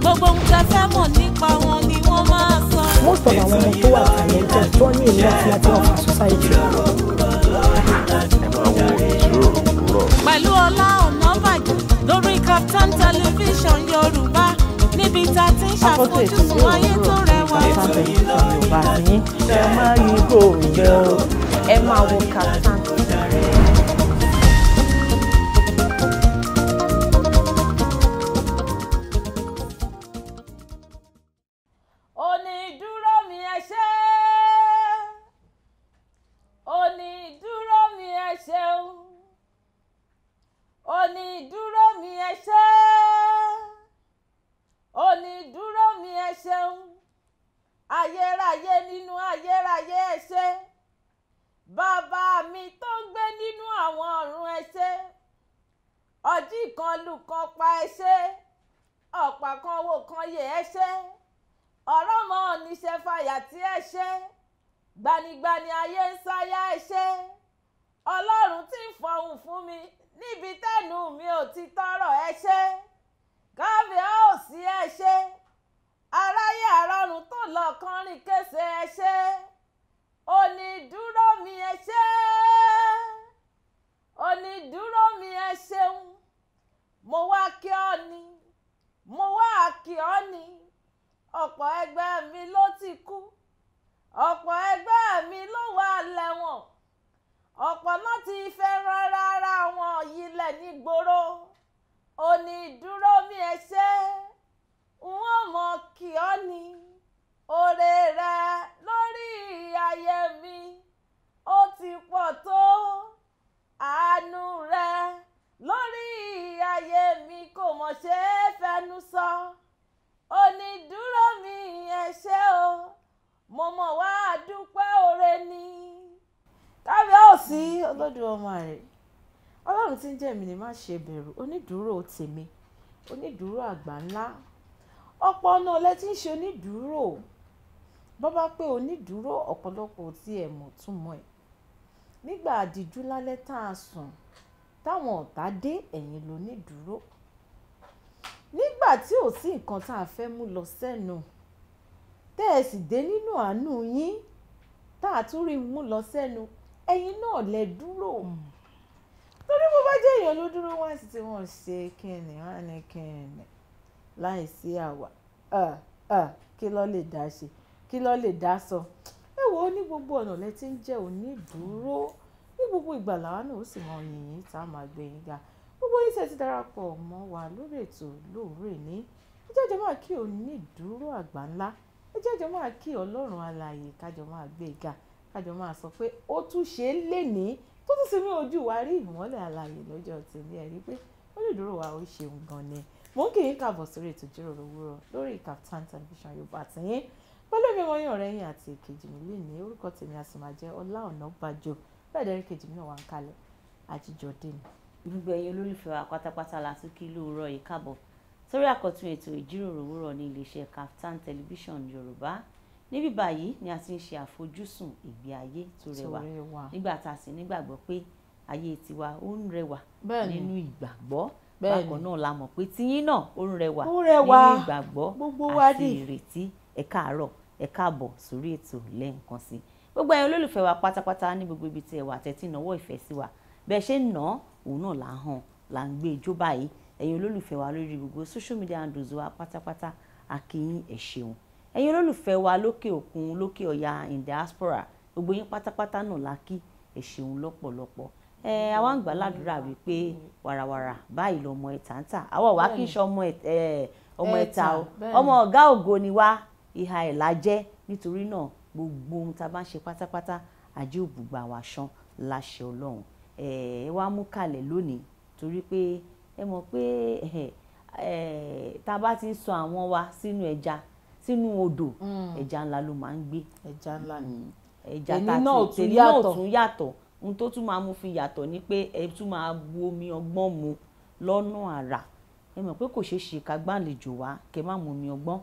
gbogbo ohun tẹ́ fẹ́ mọ̀ nípa wọn ni wọ́n máa sọ. most of àwọn ọmọ tó wà talented tó ní ìlú àti àti ọ̀fà society. pẹ̀lú Ọlá Ọ̀nàbàjọ lórí Kaftan television Yorùbá níbi tá a ti ń ṣàfojúsùn ayé tó rẹwà. ẹ máa yí kò rẹ̀ o ẹ máa wo Kaftan. wà kan wò kan yẹ ẹ ṣẹ́ ọ̀rọ̀ mọ́ oníṣẹ́ fàyà tí ẹ ṣẹ́ gbanigbani ayé ń sáyà ẹ ṣẹ́ ọlọ́run tí ń fọhùn fún mi níbi tẹ́nu mi ò ti tọrọ ẹ ṣẹ́ káfíà ò sí ẹ ṣẹ́ aráyé àrọ̀run tó lọ kan rìn kése ẹ ṣẹ́ onídúró mi ẹ ṣẹ́ onídúró mi ẹ ṣeun mo wá kí ọ ni mo wá kí ọ ni ọ̀pọ̀ ẹgbẹ́ mi ló ti kú ọ̀pọ̀ ẹgbẹ́ mi ló wà lẹ́wọ̀n ọ̀pọ̀ náà ti fẹ́ rán rárá wọn yílẹ̀ nígboro òní dúró mi ẹ ṣe wọ́n mọ̀ kí ọ ni oore rẹ lórí ayé mi ó ti pọ̀ tó àánú rẹ lórí ayé mi kò mọ̀ ṣe é fẹnu sọ onídùúró mi ẹ o mo mọ̀ wá dúpẹ́ oore ni kábíyèsí Olódùmarè ọlọ́run tí ń jẹ́ mi ni má ṣe bẹ̀rù onídùúró tèmi onídùúró àgbà ńlá ọ̀pọ̀ ọ̀nà ọ̀lẹ́ tí ń ṣe onídùúró bọ́ bá pé onídùúró ọ̀pọ̀lọpọ̀ tí ẹ̀ mọ̀ túmọ̀ ẹ̀ nígbà àdìjú lálẹ́ tá a sùn táwọn ọ̀tá dé ẹ̀yìn ló ní dúró nígbà tí ò sí nǹkan tá a fẹ́ mú lọ sẹ́nu tẹ́ ẹ sì dé nínú àánú yín tá a tún rí mú lọ sẹ́nu ẹ̀yin náà lẹ dúró torí bó bá jẹ́ èèyàn ló dúró wá sí tí wọ́n ṣe kíni wọ́n ní kíni láì sí àwa kí ló lè dá ṣe kí ló lè dá sọ ẹ wo ní gbogbo ọ̀nà lẹ ti ń jẹ́ onídùúró ní gbogbo ìgbà làwa náà ó sì mọ yìnyín tá a máa gbé yín ga gbogbo yín tẹ́ ti darapọ̀ mọ́ wa lórí ètò lóòrè ní ẹ jẹ́ jọ máa kí onídùúró àgbà ńlá ẹ jẹ́ jọ máa kí ọlọ́run alààyè kájọ máa gbé e ga kájọ máa sọ pé ó tún ṣe é léni tó tún sí ní ojú wa rí ìmọ́lẹ̀ alààyè lọ́jọ́ tèmi ẹ̀ rí pé onídùúró wa ó ṣeun gan ni mò ń kí yín káàbọ̀ sórí ètò ìjíròrò òwúrọ̀ lórí Kaftan television yorùbá tìyín pẹ̀lú ẹ̀mí wọn yín ọ̀rẹ́ yín àti èkejì mi lè ní orúkọ tèmi a sì máa jẹ́ bẹ́ẹ̀ dẹ́rẹ́ kejì mi náà wà ń kalẹ̀ àti Jordan. gbogbo ẹ̀yin olólùfẹ́ wa pátápátá la tún kí lóòrọ̀ yìí káàbọ̀ sórí àkọ́tún ètò ìjíròrò òwúrọ̀ ní iléeṣẹ́ Kaftan television Yorùbá níbí báyìí ni a ti ń ṣe àfojúsùn ìgbé ayé tó rẹwà nígbà tá a sì nígbàgbọ́ pé ayé tiwa ó ń rẹwà nínú ìgbàgbọ́ bákan náà la mọ̀ pé tiyín náà ó ń rẹwà nínú ìgbàgbọ́ àti ìrètí ẹ káàárọ̀ ẹ káàbọ̀ sórí ètò lẹ́ẹ̀kan sí i gbogbo ẹ̀yin olólùfẹ́ wa pátápátá ní gbogbo ibi tí ẹ wà tẹ́tí náwó ìfẹ́ sí wa bẹ́ẹ̀ ṣe ń ná òun náà là ń hàn là ń gbé ijó báyìí ẹ̀yin olólùfẹ́ wa lórí gbogbo social media handles wa pátápátá a kí yín ẹ ṣeun ẹ̀yin olólùfẹ́ wa lókè òkun lókè ọ̀yà in diaspora gbogbo yín pátápátá náà la kí ẹ ṣeun lọ́pọ̀lọpọ̀ ẹ àwa ń gbà ládùúrà wípé wàràwàrà báyìí lọmọ ẹ̀ta ń tà àwa wàá kí n ṣe ọmọ ẹ̀ta o ọmọ ọ̀gá ògo ni wá ìhà ẹ̀ la nítorí náà gbogbo ohun tá a bá ń ṣe pátápátá ajé òbúgba wa ṣán láṣẹ ọlọ́run ẹ ẹ wá mú kalẹ̀ lónìí torí pé ẹ mọ̀ pé ẹ ẹ tá a bá ti ń sọ àwọn wa sínú ẹja sínú odò mm. ẹja ńlá ló máa ń gbé ẹja ńlá ni mm. ẹja tá a ti tẹ̀lé náà tún yàtọ̀ ohun tó tún máa mú fi yàtọ̀ ni pé ẹ tún máa bu omi ọgbọ́n mu lọ́nà àrà ẹ mọ̀ pé kò ṣeé ṣe ká gbàlejò wa kẹ má mú omi ọgbọ́n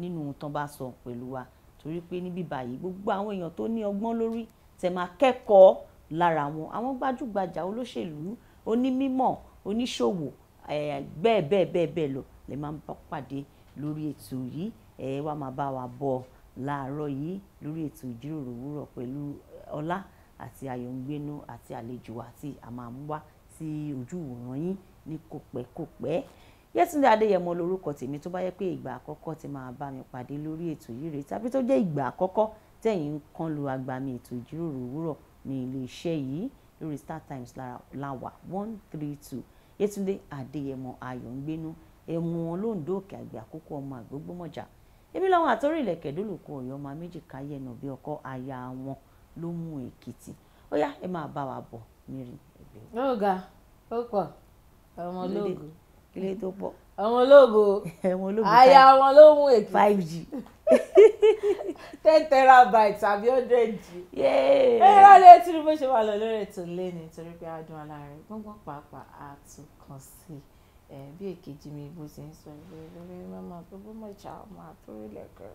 nínú ohun tán bá sọ pẹ̀lú wa torí pé níbí báyìí gbogbo àwọn èèyàn tó ní ọgbọ́n lórí tẹ̀ máa kẹ́kọ̀ọ́ lára wọn àwọn gbajúgbajà olóṣèlú onímímọ̀ oníṣòwò bẹ́ẹ̀ bẹ́ẹ̀ bẹ́ẹ̀ bẹ́ẹ̀ lọ lè máa ń pàdé lórí ètò yìí ẹ wá máa bá wa bọ̀ láàárọ̀ yìí lórí ètò ìjíròrò òwúrọ̀ pẹ̀lú ọlá àti ayọ̀ǹgbẹ́nu àti àlejò àti àmàmúwá sí ojú ìwòran yín ní kò pẹ́ kò pẹ́. Yétúndé Adéyẹmọ lórúkọ tèmi tó bá yẹ pé ìgbà àkọ́kọ́ ti máa bá mi pàdé lórí ètò yìí rèé tàbí tó jẹ́ ìgbà àkọ́kọ́ tẹ̀yin ń kán lu agbami ètò ìjíròrò òwúrọ̀ ní iléeṣẹ́ yìí lórí Star Times láwà one three two Yétúndé Adéyẹmọ Ayọ̀ǹgbénú ẹ̀mú wọn lóńdó òkè àgbẹ̀ àkókò ọmọ àgbógbómọ̀jà ebi làwọn àtọ́rí ilẹ̀kẹ̀ dólòkó ọ̀yọ́ ọmọ méjì káyé ẹ̀nà bí ọkọ aya wọn ló mú èkìtì ó yá ẹ máa bá wa bọ̀ mírìn ẹgbẹ́. ó ó pọ̀ ọmọ ilé tó pọ̀. àwọn ológo aya àwọn ló mú èkìtì five g ten terabyte tàbí hundred g. ẹ̀rọ lè tún bó ṣe wà lọ lórí ètò ilé ni torí pé adùn aláàrẹ gbọ́ngbọ́n pàápàá a tún kàn sí i bí èkejì mi bó ṣe ń sọ ìwé lórí mọ́mọ́ tó bó mọ̀ ṣá ọmọ àtúrò lẹ́kọ̀ọ́.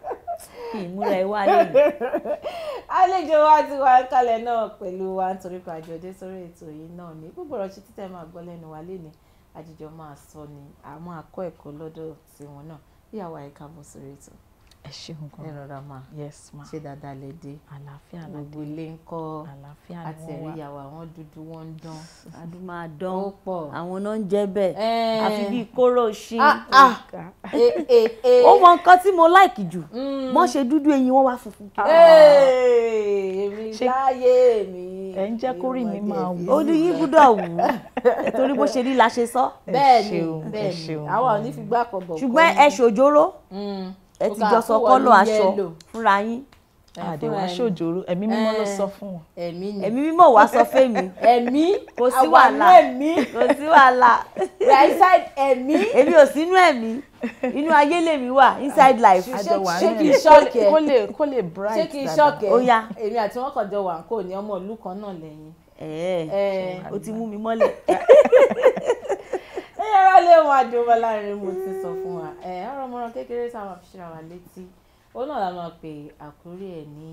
ìmúra ẹ wá lẹ́yìn. àlejò wa ti wá kalẹ̀ náà pẹ̀lú wa nítorí pé àjọ dé sórí ètò yìí náà ní gbogbo ọ̀rọ̀ ṣe títẹ̀ máa gbọ́ lẹ́nu wa lénìí àjíjọ máa sọ ni a máa kọ́ ẹ̀kọ́ lọ́dọ̀ tiwọn náà bí àwa ẹ̀ka bọ̀ sórí ètò ẹ ṣeun gan. ẹ ma yes ma ṣé dáadáa lè dé. àlàáfíà lè dé gbogbo ilé ń kọ́ àlàáfíà ni wọ́n wà àtẹ̀ríyàwó àwọn dúdú wọ́n ń dán. adùn máa dán ó pọ̀ àwọn náà ń jẹ́ bẹ́ẹ̀ àfi bíi kóró ṣí. Ah, ah. ó mọ nǹkan tí mo láìkì jù mọ́ mm. ṣe dúdú eyín wọ́n wá funfun. èmi láyé mi. ẹ ń jẹ́ kórì mi máa wù. ó dún yín gbúdọ̀ wù ú torí bó ṣe rí la ṣe sọ. bẹ́ẹ̀ ni bẹ́ẹ̀ ni àwa ò ní fi gbá kọ̀ọ̀kan. ṣùgbọ́n ẹ ṣòjóró. Mm ẹ ti jọ sọ kọ́lọ̀ aṣọ fúnra yín àdéhùn aṣòjòrò ẹ̀mí mímọ́ ló sọ fún wọn ẹ̀mí mímọ́ wàá sọ fẹ́mi ẹ̀mí kò sí wàhálà kò sí wàhálà inside ẹ̀mí èmi ò sínú ẹ̀mí inú ayé lèmi wà inside life ṣé kí n ṣọ́ọ̀kì ẹ̀ kó lè kó lè bright ṣé kí n ṣọ́ọ̀kì ẹ̀ èmi àti wọn kàn jọ wà kó ní ọmọ ìlú kan náà lẹ́yìn o ti mú mi mọ́lẹ̀. ẹ yára lé wọn àjọwọ́ láàrin mo ti sọ fún ẹ̀ ọ̀rọ̀mọ̀ràn kékeré tá a máa fi ṣe ra wa létí ó náà la máa pè àkórí ẹ̀ ní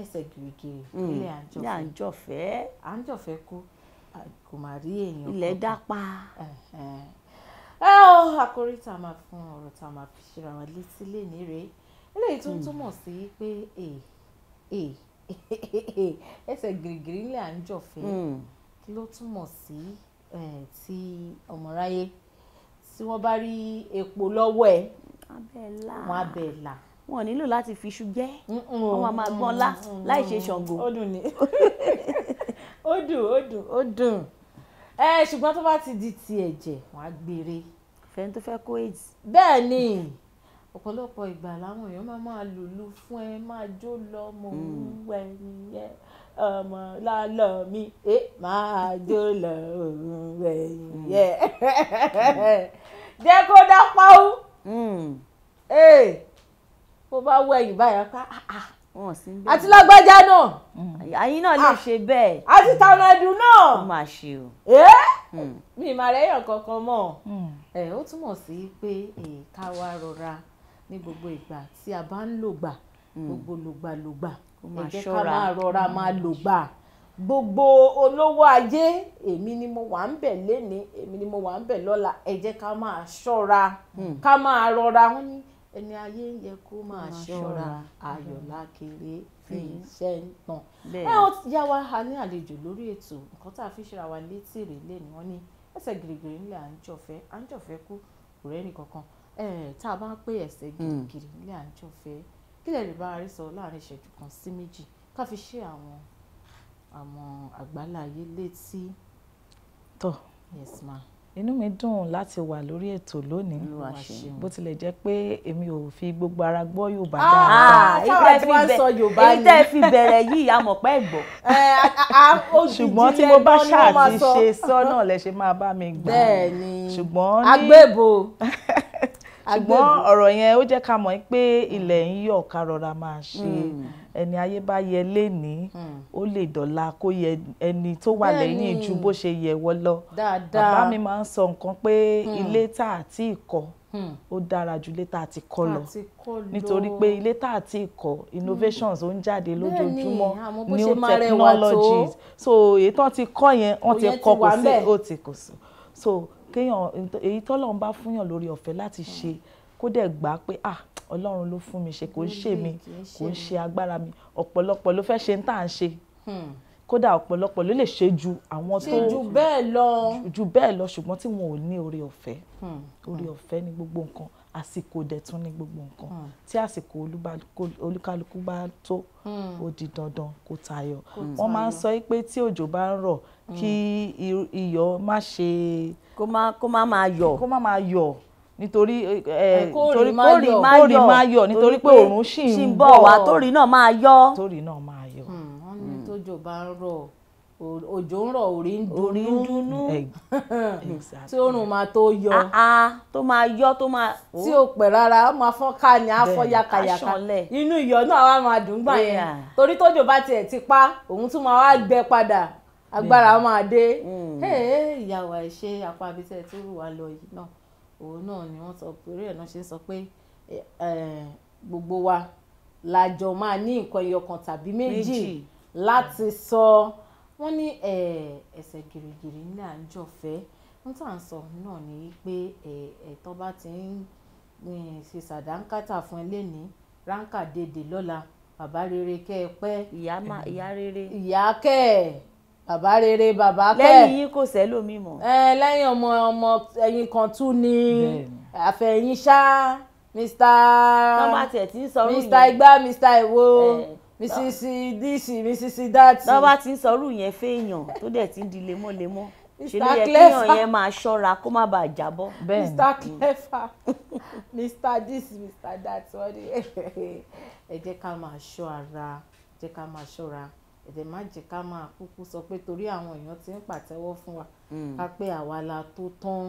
ẹsẹ̀ gìrìgìrì hmm. ilé àjọfẹ́ àjọfẹ́ kú kò má rí èèyàn ilẹ̀ dápa ẹ ọ àkórí tá a máa fún ọ̀rọ̀ tá a máa fi ṣe ra wa létí léni rèé eléyìí tó ń hmm. túmọ̀ sí pé ẹsẹ̀ gìrìgìrì ilé àjọfẹ́ hmm. kí ló túmọ̀ sí ti ọmọ ráyé tí wọ́n bá rí epo lọ́wọ́ ẹ̀ wọ́n á bẹ̀ là wọn ò nílò láti fi iṣu jẹ wọn máa gbọ́n lá láì ṣe ṣàngó. ó dùn ni ó dùn ó dùn ó dùn ẹ ṣùgbọ́n tó bá ti di ti ẹ̀jẹ̀ wọ́n á gbére. fẹ́ni tó fẹ́ kó aids. bẹ́ẹ̀ ni ọ̀pọ̀lọpọ̀ ìgbà làwọn èèyàn máa máa lùlù fún ẹ máa jó lọ mọ òwúwẹ mm. nìyẹn ọmọ lálọ mi máa jó lọ òwúwẹ nìyẹn. Mm jẹ́ kó dá pawú. bó hmm. eh. bá wọ ẹ̀yìn báyà pa wọn sì ń bẹ̀rẹ̀ àti lágbájá náà. Hmm. àyín náà lè ah. ṣe bẹ́ẹ̀. àti tànàdù náà. ó máa ṣe o. Eh? Hmm. mi ìmọ̀ rẹ̀ yàn kankan mọ̀ eh, ó túmọ̀ sí pé ká wá rọra ní gbogbo ìgbà tí a bá ń lògbà gbogbo lògbàlògbà ẹ jẹ́ ká máa rọra máa lògbà gbogbo olówó ayé èmi ni mo wà ń bẹ̀ lénìí èmi ni mo wà ń bẹ̀ lọ́la ẹ jẹ́ ká máa ṣọ́ra hmm. ká máa rọra wọn ní ẹni ayé ń yẹ kó máa ṣọ́ra ayọ̀lá kéré hmm. iṣẹ́ ń tàn. ẹ ó ti yá wa a ní àlejò lórí ètò nǹkan tá a fi ṣera wa létí ìrèlè ni wọ́n ní ẹsẹ̀ gìrìgìrì ńlẹ̀ à ń jọ̀fẹ́ à ń jọ̀fẹ́ kú kò rẹ́ni kankan tá a bá ń pè ẹsẹ̀ hmm. gìrìgìrì ńlẹ̀ à ń jọ̀fẹ́ kí lè lè bá a rí sọ láàrin ìṣẹ́jú kan sí méjì ká fi ṣe àwọn àwọn àgbáláyé létí. tọ́ yes ma. inú mi dùn láti wà lórí ètò lónìí bó tilẹ̀ jẹ́ pé èmi ò fi gbogbo ara gbọ́ Yorùbá ah, dáadáa. ìtẹ́ fi bẹ̀rẹ̀ yìí amọ̀pẹ́ gbọ́. Eh, ṣùgbọ́n tí mo bá ṣáà ti ṣe sọ́nà lẹ ṣe máa bá mi gbà. bẹ́ẹ̀ agbébo ṣùgbọ́n ọ̀rọ̀ yẹn ó jẹ́ ká mọ̀ pé ilẹ̀ ń mm. yọ̀ ká rọra máa ṣe mm. ẹni ayé bá yẹ lénìí mm. ó lè dọ̀la kó yẹ ẹni tó wà lẹ́yìn ju bó ṣe yẹ wọ́ lọ bàbá mi máa ń sọ nǹkan pé ilé tá à tí kọ́ ó dára ju ilé tá a ti kọ́ lọ nítorí pé ilé tá a ti kọ́ innovations ó ń jáde lójoojúmọ́ new technologies so èyí tán ti kọ́ yẹn wọ́n ti kọ́ kò sí ó ti kò sí so kéèyàn èyí tọ́lọ́run bá fúnyàn lórí ọ̀fẹ́ láti ṣe kó dẹ̀ gbà pé ah ọlọ́run ló fún mi ṣe kò ń ṣe mi kò ń ṣe agbára mi ọ̀pọ̀lọpọ̀ ló fẹ́ ṣe ń tà ń ṣe hmm. kódà ọ̀pọ̀lọpọ̀ ló lè ṣe ju àwọn tó ju bẹ́ẹ̀ lọ ju bẹ́ẹ̀ lọ ṣùgbọ́n tí wọn ò ní oore ọ̀fẹ́ hmm. oore ọ̀fẹ́ ni gbogbo nǹkan àsìkò dẹ̀tún ní gbogbo nǹkan hmm. tí àsìkò olúkálukú bá tó ó di dandan kó tayọ wọ́n máa ń sọ pé tí òjò bá ń rọ̀ kí iyọ̀ má ṣe kó má kó má máa yọ. kó má máa yọ nítorí eh, eh, kórì máa yọ nítorí pé òòrùn ṣì ń bọ̀ wá torí náà máa yọ. torí náà máa yọ. Hmm, wọ́n ní hmm. tójò bá ń rọ̀ òjò ń rọ̀ orí ń dunú tí oòrùn máa tó yọ. Ah, ah, tó máa yọ tó máa. tí o oh. pẹ̀ rárá ó máa fọ́n ká ní afọ́ yakayaka inú ìyọ̀ náà wá máa dùn gbà yẹn torí tójò bá tiẹ̀ ti pa òun tún máa wá gbẹ padà agbára máa dé hmm. ìyàwó àìṣe apá abitẹ́ tó wà lọ yìí náà òun náà ni wọ́n sọ pé orí ẹ̀ náà ṣe ń sọ pé gbogbo wa la jọ máa ní nǹkan ẹyọkan tàbí méjì láti sọ wọ́n ní ẹsẹ̀ gìrìgìrì ní àjọfẹ́ wọ́n tà sọ náà ni pé ẹ̀tọ́ bá ti ń ṣe sàdánkátà fún ẹ lẹ́ni ránkà dèdè lọ́la bàbá rere kẹ́ ẹ pẹ́ ìyá rere ìyá kẹ́ ẹ bàbá rere bàbá kẹ lẹ́yìn yìí kò sẹ́lòmí mọ́. ẹ lẹ́yìn ọmọ ọmọ ẹ̀yin kan tún ni àfẹ̀yìn ṣá mr mr igba mr iwo mrs dc mrs dati. lọ́ba ti ń sọrú yẹn fẹ́yàn tó dẹ̀ ti ń di lemọ́lemọ́ ṣe yẹ kéèyàn yẹn máa ṣọ́ra kó má bàa jábọ́. mr clefa mr this mr that wọ́n ní ẹ jẹ́ ká máa ṣọ́ ara jẹ́ ká máa ṣọ́ra ẹ̀dẹ̀ má jẹ́ ká máa kúkú sọ pé torí àwọn èèyàn ti ń pàtẹ́wọ́ fún wa hmm. ká pé àwa la tó tán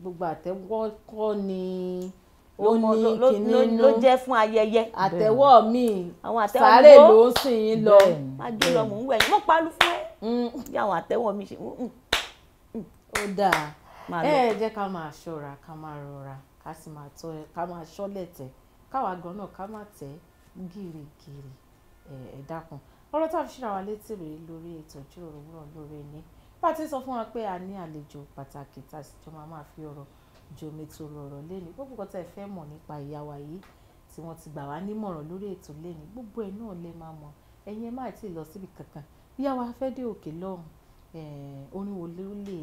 gbogbo àtẹ́wọ́ kọ́ ni ó ní kinní inú ló jẹ́ fún ayẹyẹ àtẹ́wọ́ mi sáré ló ń sìn yín lọ. májú lọ mò ń wẹ̀ yín wọ́n palu fún ẹ hmm. bí àwọn àtẹ́wọ́ mi ṣe. Hmm, ó dáa ẹ jẹ́ ká máa ṣọ́ra ká máa rọra ká sì máa tọ́ ẹ ká máa ṣọ́lẹ̀ tẹ̀ káwa gan náà ká máa tẹ̀ gírígírí ẹ ọ̀rọ̀ tá a fi ṣíra wa létí rèé lórí ètò ìjíròrò òwúrọ̀ lórí ẹni bá a ti sọ fún wa pé a ní àlejò pàtàkì tá a sì jọ máa máa fi ọ̀rọ̀ jomi tó rọrọ̀ lẹ́ni gbogbo nǹkan tẹ́ ẹ fẹ́ mọ̀ nípa ìyá wa yìí tí wọ́n ti gbà wá nímọ̀ràn lórí ètò lẹ́ni gbogbo ẹ̀ náà lẹ máa mọ̀ ẹ̀yin ẹ má ti lọ síbi kankan ìyá wa fẹ́ dé òkè lọ́hùn orin ló lè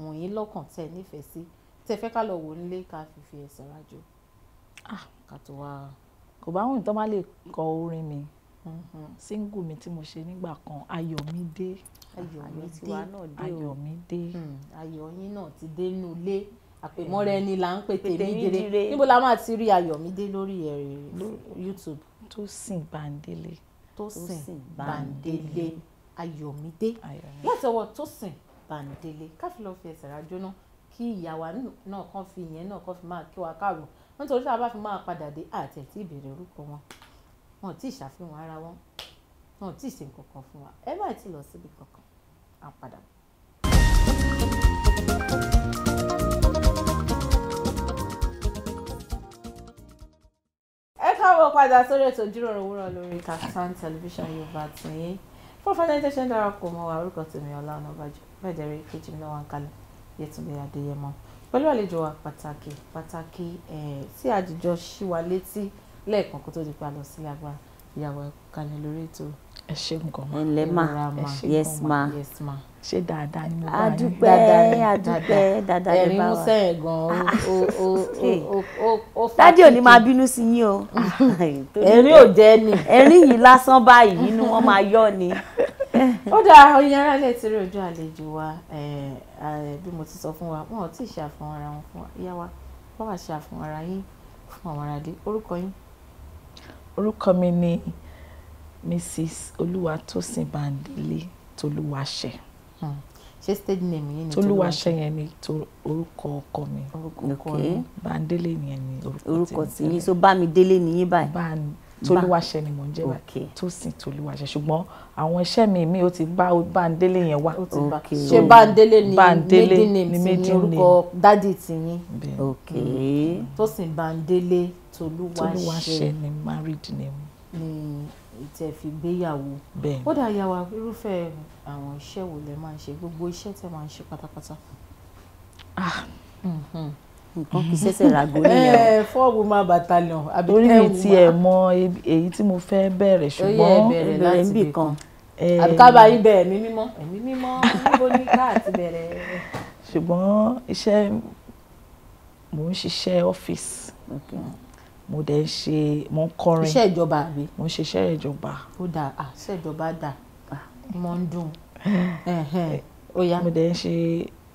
wọ̀n yín lọ́kàn tẹ́ nífẹ̀ẹ́ sí tẹ́ fẹ́ ká lọ wò nílé ká fi fi ẹ̀sẹ̀ rájò. Ah. kò bá wùn tó má lè kọ orin mi single mi tí mo ṣe nígbà kan Ayọ̀mídé Ayọ̀mídé Ayọ̀mídé ayọ̀ hmm, yín náà ti dé inú ilé àpèmọ́ra ẹni hmm. là ń pè tèmi dire níbo la máa ti rí Ayọ̀mídé lórí ẹ̀rẹ̀ YouTube. Tósìn Bándélé. Tósìn Bándélé Ayọ̀mídé látọwọ́ Tósìn Bándélé káfí lọ́ọ́ fi ẹsẹ̀ rájọ́ náà kí ìyàwó náà kàn fi ìyẹn náà kàn fi máa kí wa káàrọ̀ nítorí tí a bá fi máa padà dé àtẹ̀tí ìbẹ̀rẹ̀ orúkọ wọn wọn ò tí ì ṣàfihàn ara wọn wọn ò tí ì ṣe nǹkan kan fún wa ẹ má ti lọ síbi kankan à padà ẹ káàbọ̀ padà sórí ètò ìjíròrò òwúrọ̀ lórí Kaftan television yorùbá tìyín fún fanẹ́tẹ́sẹ̀ darapọ̀ mọ́ wa orúkọ tèmi Ọlá Ọ̀nàbàjọ́ bẹ́ẹ̀ dẹ̀rẹ́ kejì mi náà wà ń kalẹ̀ Yẹtúndé Adéyẹmọ pẹ̀lú àlejò wa pàtàkì pàtàkì tí àjíjọ ṣí wa létí lẹ́ẹ̀kan kó tó di pa lọ sí agbára ìyàwó kalẹ̀ lórí ètò. ẹ ṣe ma yes ma ṣe dáadáa ni mo bá yín. adúpẹ́ adúpẹ́ dáadáa lè bá wa ẹ̀rín músẹ́ yẹn gan-an ó fà kí. dádì ò ní máa bínú sí yín o. ẹ̀rín ò jẹ́ ni. ẹ̀rín yìí lásán báyìí inú wọn máa yọ ni. ó dáa oyin ara ilé ti rí ojú àlejò wa bí mo ti sọ fún wa wọn ò tí ì ṣàfihàn ara wọn fún wa yá wa wọn wá ṣàfihàn ara yín fún àwọn aráàlú orúkọ yín orúkọ mi ni Mrs. Olúwatósìn Bándélé Tolúwaṣẹ. Hmm ṣé stage name yẹn ni Tolúwaṣẹ yẹn ni orúkọ ọkọ mi orúkọ mi Bándélé yẹn ni orúkọ tí mi orúkọ tí yín so Bámidélé ni yín báyìí tolúwaṣẹ ni mò ń jẹ́ báyìí Tósìn tolúwaṣẹ ṣùgbọ́n àwọn iṣẹ́ mi mi ó ti bá Bándélé yẹn wá ṣé Bándélé ni maiden name ti ní orúkọ dádì tìyín mm. Tósìn Bándélé tolúwaṣẹ ni married name ni ìtẹ̀ fi gbéyàwó ó dà yà wá irúfẹ́ àwọn iṣẹ́ wo lẹ máa ń ṣe gbogbo iṣẹ́ tẹ máa ń ṣe pátápátá. Ah. Mhm nǹkan kì í ṣẹ̀ṣẹ̀ ràgó nìyẹn. ẹ fọ́ọ̀mù máa battalion àbí tẹ́wù máa. orí mi ti ẹ̀ mọ èyí tí mo fẹ́ bẹ̀rẹ̀ ṣùgbọ́n ó yẹ bẹ̀rẹ̀ láti ibì kan. àbí kábà yín eh, bẹ̀ ẹ̀mí mímọ́ ẹ̀mí mímọ́ níbo ní káàtì bẹ̀rẹ̀. ṣùgbọ́n iṣẹ́ mo ń ṣiṣẹ́ ọ́fíìsì mo dẹ̀ ń ṣe mo ń kọrin iṣẹ́ ìjọba àbí mo ń ṣiṣẹ́ ìjọba. ó dáa iṣẹ́ ìjọba dáa mo ń dùn ó yá. mo dẹ̀ ń ṣe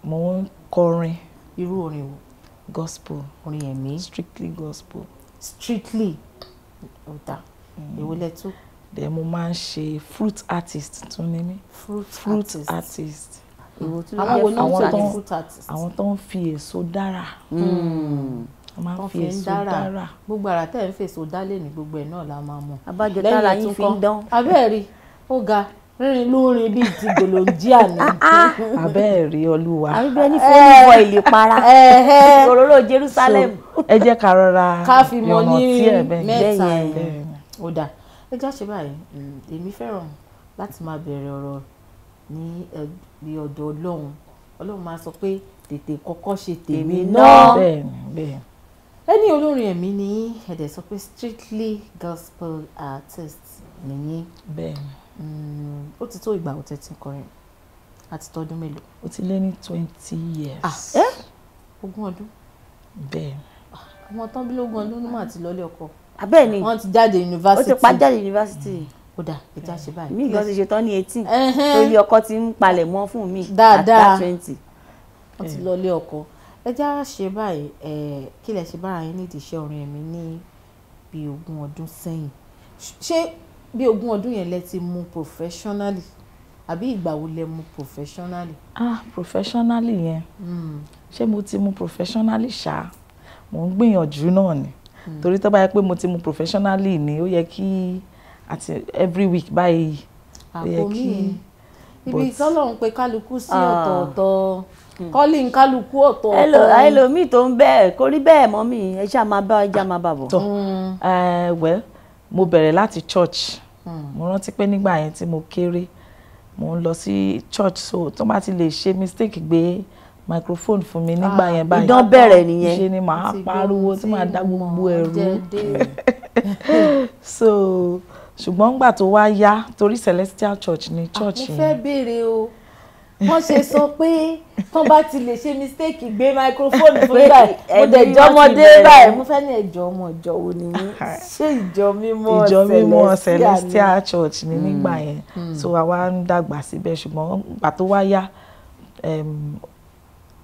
mo ń kọrin. irú orin wo gospel orin ẹ̀mí strictly gospel strictly ọ̀dà mm. èwo lẹ tó. then mo máa ń ṣe fruit artist tún ní mí fruit, fruit artist. artist àwọn àwọn tó ń fi èso dára mm. máa ń fi èso dára gbogbo ara tẹ́ ń fèsò dálé ní gbogbo ẹ̀ náà la máa mọ̀ abájọ tára yín fi ń dán abẹ́ẹ̀ rí ó ga rírìn lórin bíi ti gòlòǹjíà ni. Ah, ah. abẹ́ rí olúwa. àbíbẹ́ eh, ní fóònù bọ ìlè para eh, eh. òróró Jerusalem. ẹ jẹ́ ká rọra ìrànà tí ẹ bẹ́ẹ̀ mẹ́ta ó dà ẹ já ṣe báyìí mm, èmi fẹ́ràn láti máa bẹ̀rẹ̀ ọ̀rọ̀ ní ẹbí ọ̀dọ̀ ọlọ́run ọlọ́run máa sọ pé tètè kọ́kọ́ ṣe tèmi náà ẹni olórin ẹ̀mí ni ẹ̀dẹ̀ sọ pé strictly gospel artist uh, nìyí. bẹ́ẹ̀ni Mm, ó ti tó ìgbà òtẹ́ tí ń kọrin àti tọdún mélòó. ó ti lé ní twenty years. ah ẹ́ ogún ọdún. bẹ́ẹ̀. àwọn ah, tán bí lógún ọdún mà ti lọlé ọkọ. abẹ́ẹ̀ ah, ni wọ́n ti jáde yunifásitì. ó ti pa jáde yunifásitì. Mm. ó dà ìjà ṣe báyìí. mi gan ti ṣe tán ní eighteen. torí ọkọ ti ń palẹ̀ mọ́ fún mi. dáadáa twenty. wọ́n ti eh. lọlé ọkọ. ẹ já ṣe báyìí kí lẹ ṣe bára yín nídìí iṣẹ́ orin ẹ̀mí ní bíi ogún ọdún sẹ́yìn ṣé bí ogún ọdún yẹn lẹ ti mu professionally àbí ìgbà wo lẹ mu professionally. ah professionally yẹn hmm. ṣé mo ti mu professionally ṣá mo ń gbìyànjú náà ni hmm. torí tó bá yẹ pé mo ti mu professionally ni ó yẹ kí àti every week báyìí ó yẹ kí ibi tọ́lọ́run pé kálukú sí ah. ọ̀tọ̀ọ̀tọ̀ hmm. Calling ń kálukú ọ̀tọ̀ọ̀tọ̀. ẹlòmíì tó ń bẹ́ẹ̀ kò bẹ́ẹ̀ mọ́ mi ẹ ṣáà máa bá ẹ já máa bà bọ̀. tọ ẹ wẹ mo bẹ̀rẹ̀ láti church Hmm. mo rántí pé nígbà yẹn tí mo kéré mo ń lọ sí church so tó bá ti lè ṣe mistake gbé microphone fún mi nígbà ah, yẹn báyìí ìdán bẹ̀rẹ̀ nìyẹn ṣe ni màá pariwo tí màá dá gbogbo ẹ̀rù so ṣùgbọ́n nígbà tó wá yá torí Celestial Church ni ah, church yẹn. àmì fẹ́ béèrè o wọ́n ṣe sọ pé tán bá ti lè ṣe mistake gbé microphone fún báyìí mo dẹ̀ jọmọdé báyìí mo fẹ́ ní ẹ̀jọ̀ ọmọ ìjọ wo ni mí ṣé ìjọ mímọ́ ìjọ mímọ́ celestial church ni hmm. nígbà yẹn hmm. so àwa ń dàgbà síbẹ̀ ṣùgbọ́n ìgbà tó wá yá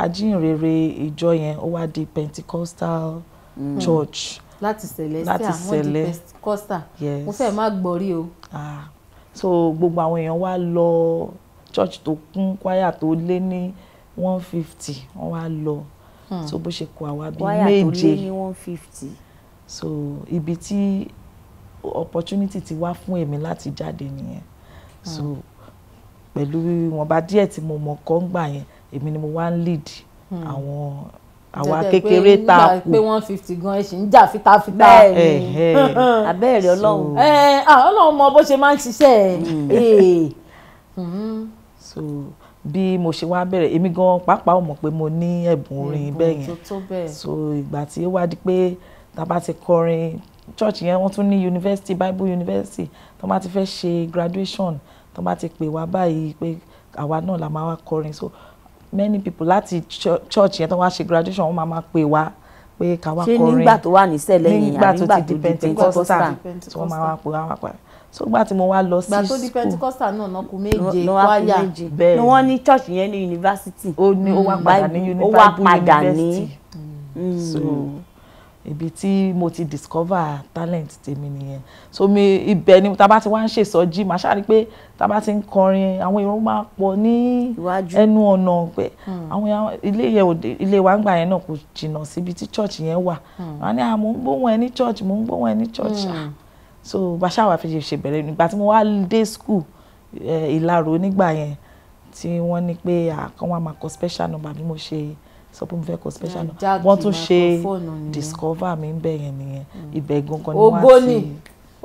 ajínrere ìjọ yẹn ó wá di pentecostal mm. church láti celestial wọ́n di pentecostal mo fẹ́ má gbọ́rí o. Ah. so gbogbo àwọn èèyàn wá lọ church tó kún kwaya tó lé ní one fifty wọ́n wá lọ hmm. so bó ṣe kó àwa bíi méje kwaya one fifty so ibi tí opportunity ti wá fún èmi láti jáde nìyẹn hmm. so pẹ̀lú ìwọ̀nba díẹ̀ tí mo mọ̀ kọ́ ń gbà yẹn èmi ni mo wá ń lead hmm. àwọn àwa kékeré ta kù jẹjẹrẹ pé one fifty gan ẹ ṣì ń jà fitafita bẹ́ẹ̀ni abẹ́rẹ́ ọlọ́run eh, ah, ọlọ́run mọ bó ṣe máa ń ṣiṣẹ́ ẹ̀ eh so bí mo ṣe wá bẹ̀rẹ̀ èmi gan pàápàá ò mọ̀ pé mo ní ẹ̀bùn orin bẹ́ẹ̀ yẹn so ìgbà tí ó wá di pé tá a bá ti kọrin church yẹn wọ́n tún ní university bible university tó bá ti fẹ́ ṣe graduation tó bá ti pè wá báyìí pé àwa náà la máa wá kọrin so many people láti church yẹn tó wá ṣe graduation wọ́n máa máa pè wá pé ká wá kọrin ṣé nígbà tó wà ní sẹ́lẹ̀ yìí àbí nígbà tó ti di pentecostal tí wọ́n máa wá pè wá wá pàdé so gbà tí mo wá lọ sí school. gbà tó di pentikosta náà náà kù méje kwaya ni wọ́n ní church yẹn ní yunifásitì. ó ní ó wá mm, padà ní yunifásitì mm, mm. so ibi tí mo ti discover talent tèmi nìyẹn so mi ibẹ̀ ni tá bá ti wá ń ṣèsọjí màá ṣáà rí pé tá bá ti ń kọrin àwọn èrò máa pọ̀ ní ẹnu ọ̀nà pé àwọn ilé yẹn òde ilé wa ń gbà yẹn náà kò jìnnà síbi tí church yẹn wà wọn ní à mò ń gbóhùn ẹ ní church mò ń gbóhùn ẹ ní church. Mm. Ah so bàṣà wà fi ṣe bẹ̀rẹ̀ nígbà tí mo wá dé school ìlàrò nígbà yẹn tí wọ́n ní pé àkàn wà máa kọ special number bí mo ṣe sọ pé mo fẹ́ kọ special number wọ́n tún ṣe discover mi bẹ̀ yẹn nìyẹn hmm. ibẹ̀ gan kan ni wọ́n á ti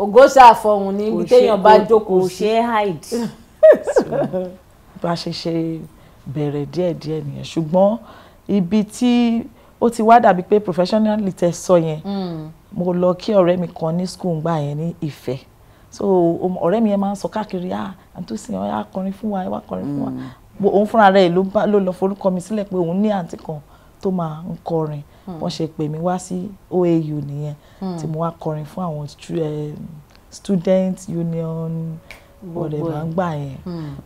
ògo ṣàfọ̀hún ní ibi téèyàn bá jókòó ṣe hide. bá a ṣe ṣe bẹ̀rẹ̀ díẹ̀díẹ̀ nìyẹn ṣùgbọ́n ibi tí ó ti wá dàbí pé professional tẹ sọ yẹn hmm mo lọ kí ọ̀rẹ́ mi kan ní school gbà yẹn ní Ifẹ̀ so um, ọ̀rẹ́ mi yẹn máa ń sọ káàkiri ah àǹtí sìn ọ́ akọrin fún wa ẹ wá kọrin fún wa mm. òun fúnra rẹ̀ ló lọ forúkọ mi sílẹ̀ pé òun ní àǹtí kan tó máa ń kọrin mm. wọ́n ṣe pè mí wá sí OAU nìyẹn mm. tí mo wá kọrin fún àwọn eh, student union ọ̀rẹ́ máa ń gbà yẹn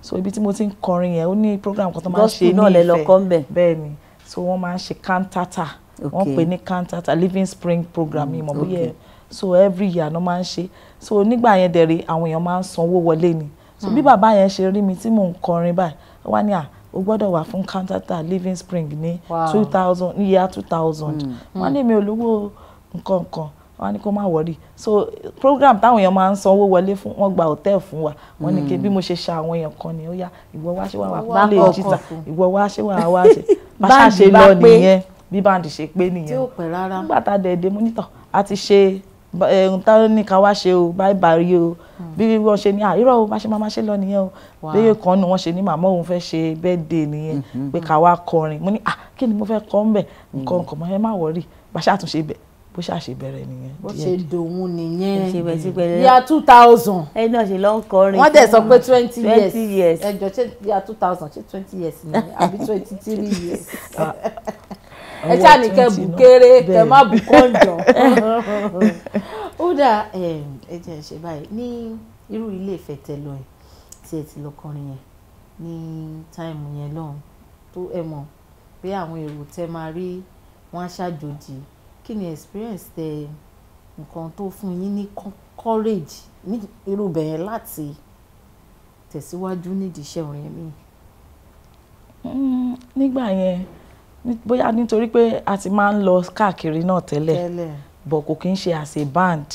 so ibi tí mo ti ń kọrin yẹn ó ní program kan tó máa ń ṣe ní Ifẹ̀ bẹ́ẹ̀ ni so wọ́n máa ń ṣe kántátà wọ́n pè ní cantata living spring program mm, ìmọ̀ bóyá ẹ̀ so every year ló máa ń ṣe so nígbà yẹn dẹ̀rẹ̀ àwọn èèyàn máa ń sanwó wọlé ni so bí mm. bàbá yẹn ṣe rí mi tí mò ń kọrin báyìí wá ní à o gbọ́dọ̀ wà fún cantata living spring ní two thousand year two thousand mm, wọ́n ní mi ò lówó nǹkan kan wọ́n ní kó má wọrí so program táwọn èèyàn máa ń sanwó wọlé fún wọ́n gba hòtẹ́ẹ̀ fún wa wọ́n ní kí bí mo ṣe ṣe àwọn èèyàn kan ni ó yá ìwọ wá ṣe wà wá lè jìtà ìwọ wá ṣe wà wá ṣe bá ṣàṣe lọ nìyẹn bí báńdì ṣe pé nìyẹn tí ò pẹ́ rárá nígbà tá a dẹ̀ dé mọ́nítọ̀ a ti ṣe eh, ohun táwọn ní ká wá ṣe o báyìí báyìí o hmm. bí wọ́n ṣe ní àìrọ̀ o máṣe máa ṣe lọ nìyẹn o bẹ́ẹ̀ kan ni wọ́n ṣe ní màmá òun fẹ́ ṣe birthday nìyẹn hmm, hmm, pé ká wá kọrin mo ní à kí ni mo fẹ́ kọ́ ń bẹ̀ nǹkan kan ẹ má wọ̀rí bá ṣe bẹ̀ bó ṣe àṣebẹ̀rẹ̀ nìyẹn. bó ṣe dòun nìyẹn yíya two thousand. ẹni náà ṣe lọ ń kọrin. wọ́n dẹ̀ sọ pé twenty years ẹjọ́ ṣe yíya two thousand ṣe twenty years ni àbí twenty three years. Ah ẹ ṣáà ní kẹ bù kéré kẹ má bù kọ́ńjọ ó dà ẹ jẹ́ ẹ ṣe báyìí ní irú ilé ìfẹ́ tẹ lọ ẹ tí ẹ ti lọ kọrin yẹn ní táìmù yẹn lọ́hùn tó ẹ mọ̀ pé àwọn èrò tẹ máa rí wọn aṣáájòjì kí ni experience tẹ nǹkan tó fún yín ní courage ní irú bẹ̀yẹn láti tẹ̀síwájú nídìí iṣẹ́ orin mi. Hmm, nígbà yẹn bóyá nítorí pé a ti máa ń lọ káàkiri náà tẹ́lẹ̀ bọ̀ kò kí ń ṣe as a band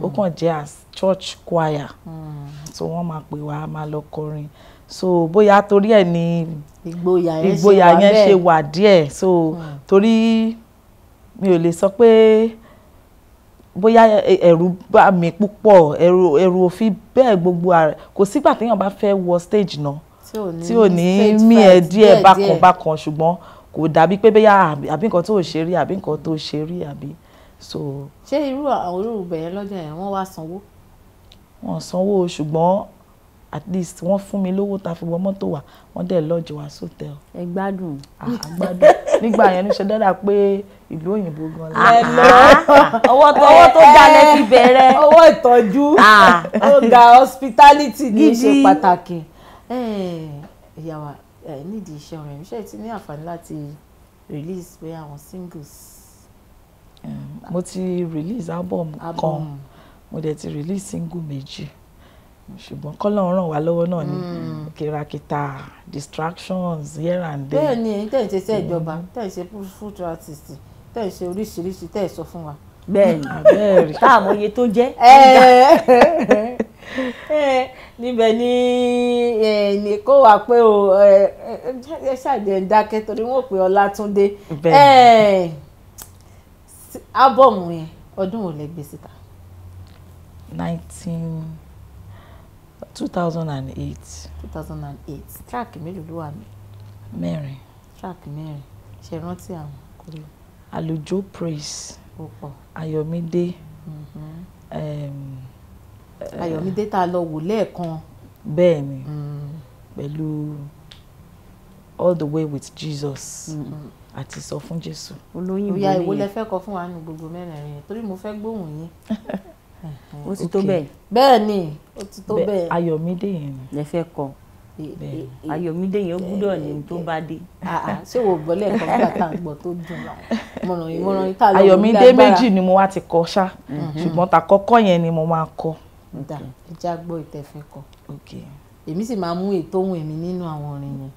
ó hmm. kàn jẹ́ as church choir hmm. so wọ́n máa pè wá máa lọ kọrin so bóyá torí ẹ̀ ni ìgboyà yẹn ṣe wà díẹ̀ so mm. torí mi ò lè sọ pé bóyá ẹ̀rù bá mi púpọ̀ ẹ̀rù ẹ̀rù òfin bẹ́ẹ̀ gbogbo ààrẹ kò sígbà téèyàn bá fẹ́ wọ stage náà tí ò ní mí ẹ̀ díẹ̀ bákan bákan ṣùgbọ́n kò dàbí pé bẹ́yà àbí nǹkan tó ṣe rí àbí nǹkan tó ṣe rí àbí so. ṣé irú àwọn olóòrùn bẹ̀rẹ̀ lọ́jà yẹn wọ́n wá sanwó. wọ́n sanwó ṣùgbọ́n at least wọ́n fún mi lówó ta fi wọ mọ́tò wá wọ́n dẹ̀ lọ́jọ́ wá sọ́tẹ̀. ẹ gbádùn. àgbádùn nígbà yẹn ní ṣe dáadáa pé ìlú òyìnbó gan la. ọwọ́ tó dalẹ̀ fi bẹ̀rẹ̀. owó ìtọ́jú ọ̀gá hospitality ní í ṣe pàtàkì. ìyá wa nídìí iṣẹ́ orin ṣé ẹ ti ní àǹfààní láti release pé àwọn singles. Mm, um, mo ti release album kan mo dẹ̀ ti release single méjì ṣùgbọ́n kọ́lọ́run ràn wá lọ́wọ́ náà ni kìràkìtà mm. distractions here and there. bẹ́ẹ̀ ni tẹ̀ ń ṣe iṣẹ́ mm. ìjọba tẹ̀ ń ṣe full artist tẹ̀ ń ṣe oríṣiríṣi tẹ̀ ń sọ fún wa. Ah, bẹ́ẹ̀ni tá àmọye tó jẹ. Eh, eh, níbẹ̀ ni eh, ní kó wá pé o ẹ ṣàjẹ́ ń dákẹ́ torí wọ́n pè Ọlátúndé ábọ̀mù yẹn ọdún wo lẹ gbé síta. nineteen two thousand and eight. two thousand and eight track mélòó ló wà mí. mẹ́rin. track mẹ́rin ṣe rántí àwọn kò lè. praise. Ayọ̀mídé mm-hmm. eh, Ayọ̀mídé tá a lọ wò lẹ́ẹ̀kan. bẹ́ẹ̀ ni mm-hmm. pẹ̀lú all the way with Jesus àti mm-hmm. sọ fún Jésù. olóyìnbó ni ìyá ìwọ lẹ fẹ́ kọ fún wa nínú gbogbo mẹ́rin torí mo fẹ́ gbóhùn yín ó ti tó bẹ́ẹ̀. bẹ́ẹ̀ ni ó ti tó bẹ́ẹ̀. Ayọ̀mídé yẹn lẹ fẹ́ kọ Ayọ̀mídé yẹn gbúdọ̀ ní tó bá dé. Ah, ah. ṣé wo gbọ́lẹ̀ ẹ̀kọ́ nígbà tá à ń gbọ́ tó dùn lọ mọ̀ràn yìí mọ̀ràn yìí tá a lọ Ayọ̀mídé méjì ni mo wá ti kọ ṣá mhm. ṣùgbọ́n tàkọ́kọ́ yẹn ni mo máa kọ. dà ẹ já gbọ́ ìtẹ̀fẹ́ kọ èmi sì máa mú ètò ohun èmi nínú àwọn orin yẹn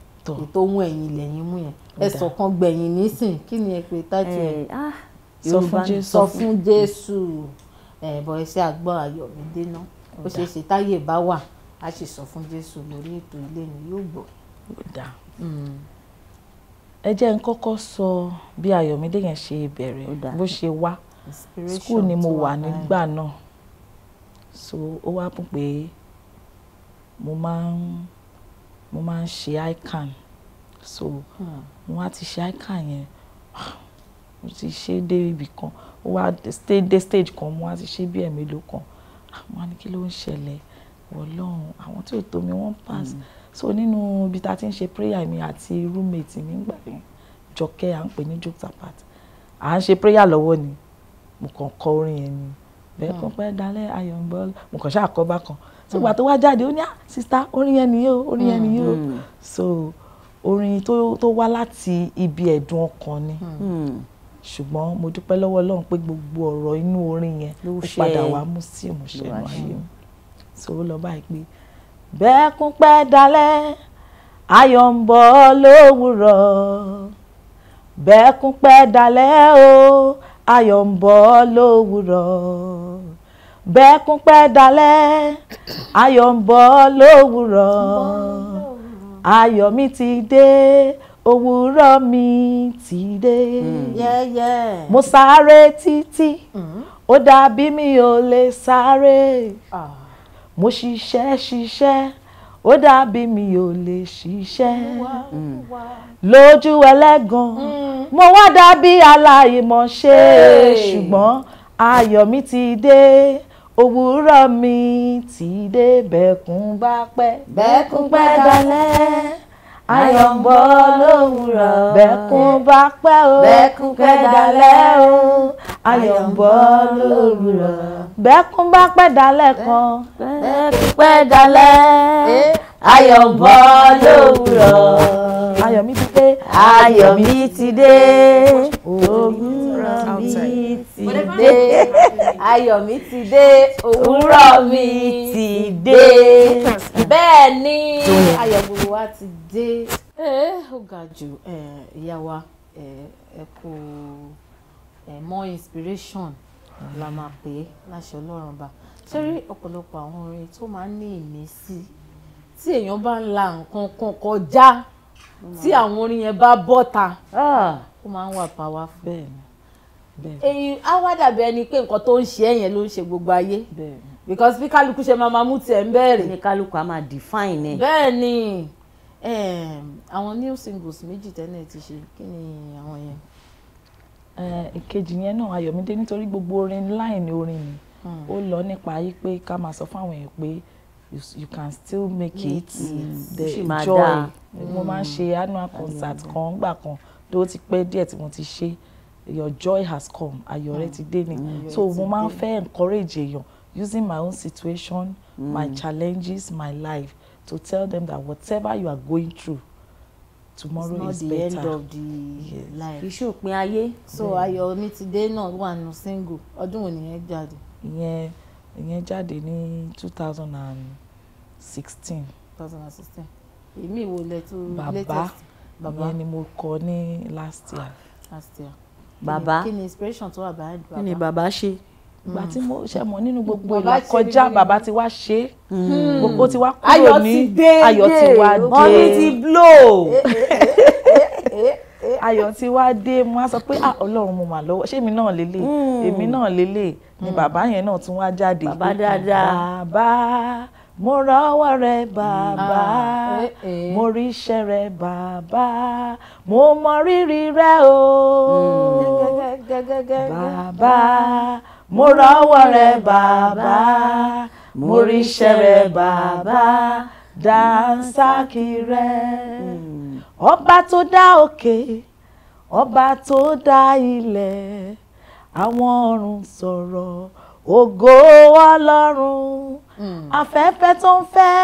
ètò ohun ẹ̀yìn lẹ́yìn mú yẹn ẹ sọ̀kan gbẹ̀yìn nísìn kí ni ẹ pé táìtì ẹ̀ sọ fún Jésù ẹ̀ eh, bọ̀ ẹ ṣe àgbọ̀ Ayọ̀mídé náà ó ṣeé ṣe táyè bá wà a sì sọ fún Jésù lórí ètò ilé ni yóò gbọ́. dà hmm. ẹ jẹ́ n kọ́kọ́ sọ bí Ayọ̀mídé yẹn ṣe bẹ̀rẹ̀ bó ṣe wá skul ni mo wà nígbà náà so ó wá pọ̀ pé mo máa ń mo máa ń ṣe ICAN so hmm. mo wá ti ṣe ICAN yẹn mo ti ṣe dé ibì kan ó wá dé stage kan mo wá ti ṣe bí ẹ̀mélòó kan ah, mo wá ní kí ló ń ṣẹlẹ̀ Ọlọ́run àwọn tí ò tó mi wọ́n pass mm. so nínú ibi tá a ti ń ṣe prayer mi àti roommate mi ńgbà yẹn Jọkẹ́ à ń pè ní jokes apart à ń ṣe prayer lọ́wọ́ ni mo kàn kọ orin yẹn ni bẹ́ẹ̀ kan mm. pẹ́ dalẹ́ ayọ̀ ń bọ̀ mo kàn ṣáà kọ́ bá kan so ìgbà mm. tó wá jáde ó ní ah sista orin yẹn nìyí o orin yẹn nìyí o so orin tó wá láti ibi ẹ̀dùn ọkàn ni ṣùgbọ́n mo dúpẹ́ lọ́wọ́ Ọlọ́run pé gbogbo ọ̀rọ̀ inú orin yẹn ó padà wá mú sí ìmúṣẹ náà ayé so ó lọ báyìí pé bẹ́ẹ̀kún pẹ́ dalẹ́ ayọ̀ ń bọ̀ lówùrọ̀ bẹ́ẹ̀kún pẹ́ dalẹ́ o ayọ̀ ń bọ̀ lówùrọ̀ bẹ́ẹ̀kún pẹ́ dalẹ́ ayọ̀ ń bọ̀ lówùrọ̀ ayọ̀ mi ti dé òwúrọ̀ mi ti dé hmm. mo sáré títí hmm. ó dàbí mi ò lè sáré. Ah mo ṣiṣẹ́ ṣiṣẹ́ ó dàbí mi ò lè ṣiṣẹ́ mm. lójú ẹlẹ́gan mm. mo wá dàbí aláìmọ̀ṣe ṣùgbọ́n ayọ̀ mi ti dé òwúrọ̀ mi ti dé bẹ́ẹ̀kún bá pẹ́ bẹ́ẹ̀kún pẹ́ dalẹ́ ayọ̀ ń bọ̀ lówùrọ̀ bẹ́kún bá pẹ́ o bẹ́kún pẹ́ dalẹ́ o ayọ̀ ń bọ̀ lówùrọ̀ bẹ́kún bá pẹ́ dalẹ́ kan bẹ́kún pẹ́ dalẹ́ eh? ayọ̀ ń ti dé ayọ̀ ti dé òwúrọ̀ mi ti dé ayọ̀ mi ti dé òwúrọ̀ mi ti dé bẹ́ẹ̀ ni ayọ̀ gbogbo wa ti dé ó ga jù ìyá wa ẹ kú more inspiration la máa pè é láṣẹ ọlọ́run bá ṣé rí ọ̀pọ̀lọpọ̀ àwọn orin tó máa ń ní ìmísí tí èèyàn bá ń la nǹkan kan kọjá tí àwọn orin yẹn bá bọ́ta ah. ó máa ń wà powerful èyí á wá dàbí ẹni pé nǹkan tó ń ṣe ẹ̀yẹn ló ń ṣe gbogbo ayé because bí kálukú ṣe máa máa mú tiẹ̀ ń bẹ̀rẹ̀. ní kálukú a máa define ẹ. bẹ́ẹ̀ ni àwọn new singles méjì tẹ́lẹ̀ ti ṣe kí ni àwọn yẹn. ìkejì yẹn náà ayọ̀mídé nítorí gbogbo orin line orin ni hmm. ó lọ nípa yí pé ká máa sọ fáwọn èèyàn pé you can still make mm, it mm, the mm. joy mo máa ń ṣe annual concert kan gbà kan tó ti pẹ́ díẹ̀ tí mo ti ṣe your joy has come ayọ̀ rẹ ready mm. dé ni mm. so mo máa ń fẹ́ encourage èèyàn using my own situation mm. my challenges my life to tell them that whatever you are going through tomorrow is better it's not the better. end of the yes. life iṣu òpin ayé so ayọ̀ mi ti dé náà wà nù single ọdún wo nìyẹn jáde. ìyẹn ìyẹn jáde ní two thousand and sixteen. two thousand and sixteen èmi ìwò lẹ tó latest bàbá ìyẹn ni mo kọ ní last year. last year Baba. Hmm, kí ni inspiration tó wà behind Baba. kí ni bàbá ṣe ìgbà hmm. tí mo ṣe mọ nínú gbogbo ìlà kọjá Baba ti wá ṣe hmm. gbogbo ti wá kúrò ní ayọ̀ ti wá dé mọ́mí ti blow eh, eh, eh, ayọ̀ ti wá dé mo á sọ pé ah ọlọ́run mo mà lọ́wọ́ ṣé èmi náà lélẹ̀ èmi náà lélẹ̀ ni bàbá yẹn náà tún wá jáde bàbá dáadáa bàbá mo ra ọwọ́ rẹ bàbá ah, eh, eh. mo rí iṣẹ́ rẹ bàbá mo mọ rírì rẹ o hmm. bàbá mo ra ọwọ́ rẹ bàbá mo rí iṣẹ́ rẹ bàbá dànsákì rẹ hmm. ọba tó dá òkè ọba tó dá ilẹ̀ àwọn ọ̀run sọ̀rọ̀ ògo ọlọ́run. Mm. afẹ́fẹ́ tó ń fẹ́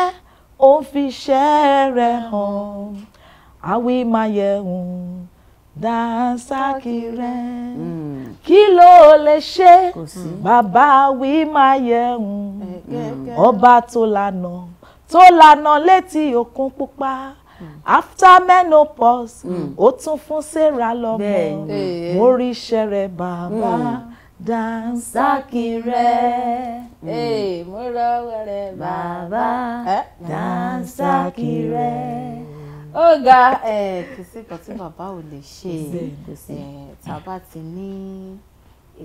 ó ń fi iṣẹ́ rẹ̀ hàn àwí máa yẹ̀hùn dànsákì rẹ̀ mm. kí ló lè ṣe bàbá àwí máa yẹ̀hùn mm. ọba tó lànà tó lànà létí òkun pupa after menopause ó tún fún sarah lọ́mọ mo rí iṣẹ́ rẹ̀ bàbá dansaki rẹ ee mm. mo lọ́wọ́ baba. bàbá dansaki rẹ. ó ga kò sí nǹkan tí bàbá ò lè ṣe eh, tá a bá ti ní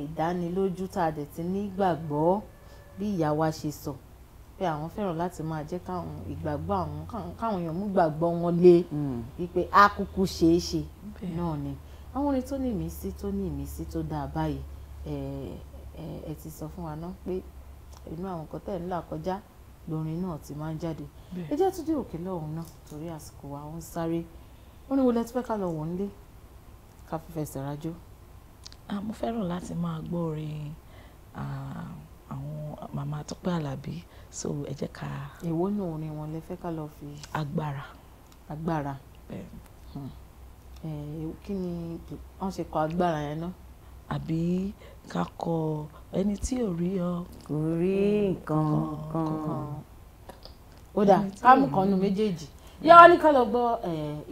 ìdánilójú tá a dẹ̀ ti ní ìgbàgbọ́ bí ìyá wa ṣe sọ pé àwọn fẹ́ràn láti máa jẹ́ káwọn ìgbàgbọ́ àwọn káwọn èèyàn mú ìgbàgbọ́ wọn lé mm. wípé a kúkú ṣeé náà ni àwọn orin tó ní ìmísí tó ní ìmísí tó dáa báyìí ẹ ti sọ fún wa náà pé inú àwọn nǹkan tẹ̀ ń là kọjá lórin náà ti máa ń jáde ẹ jẹ́ tún dé òkè lọ́hùn náà torí àsìkò wa ó ń sáré wọ́n ní wo lẹ́tí pẹ́ ká lọ wọ̀n lé ká fi fẹsẹ̀ rájò. mo fẹ́ràn láti máa gbọ́ orin àwọn màmá Tópẹ́ Àlàbí so ẹ jẹ́ ká. èwo náà orin wọn lẹ fẹ́ ká lọ fi. agbára. agbára. bẹ́ẹ̀ hmm. kí ni wọ́n ṣe kọ agbára yẹn náà àbí ká kọ ẹni tí ò rí ọ. kò rí nǹkan kan. ó dà kámú kan nu méjèèjì yá wa ní ká lọ gbọ́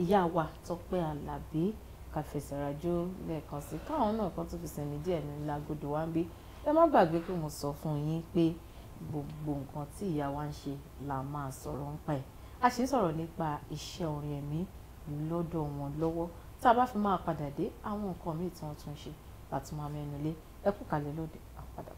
ìyá wa Tọ́pẹ́ Àlàbí ká fẹsẹ̀ rajó lẹ́ẹ̀kan sí káwọn náà kan tó fi sẹ̀mí díẹ̀ ní lágodo wa ń bí ẹ má gbàgbé pé mo sọ fún yín pé gbogbo nǹkan tí ìyá wa ń ṣe la máa sọ̀rọ̀ nípa ẹ̀ a sì ń sọ̀rọ̀ nípa iṣẹ́ orin ẹ̀mí lọ́dọ̀ wọn lọ́wọ́ tá a bá fi máa padà dé àwọn nǹkan míì tí wọ́n tún ṣe láti máa mẹ́nu lé ẹ kú kalẹ̀ lóde àpadà.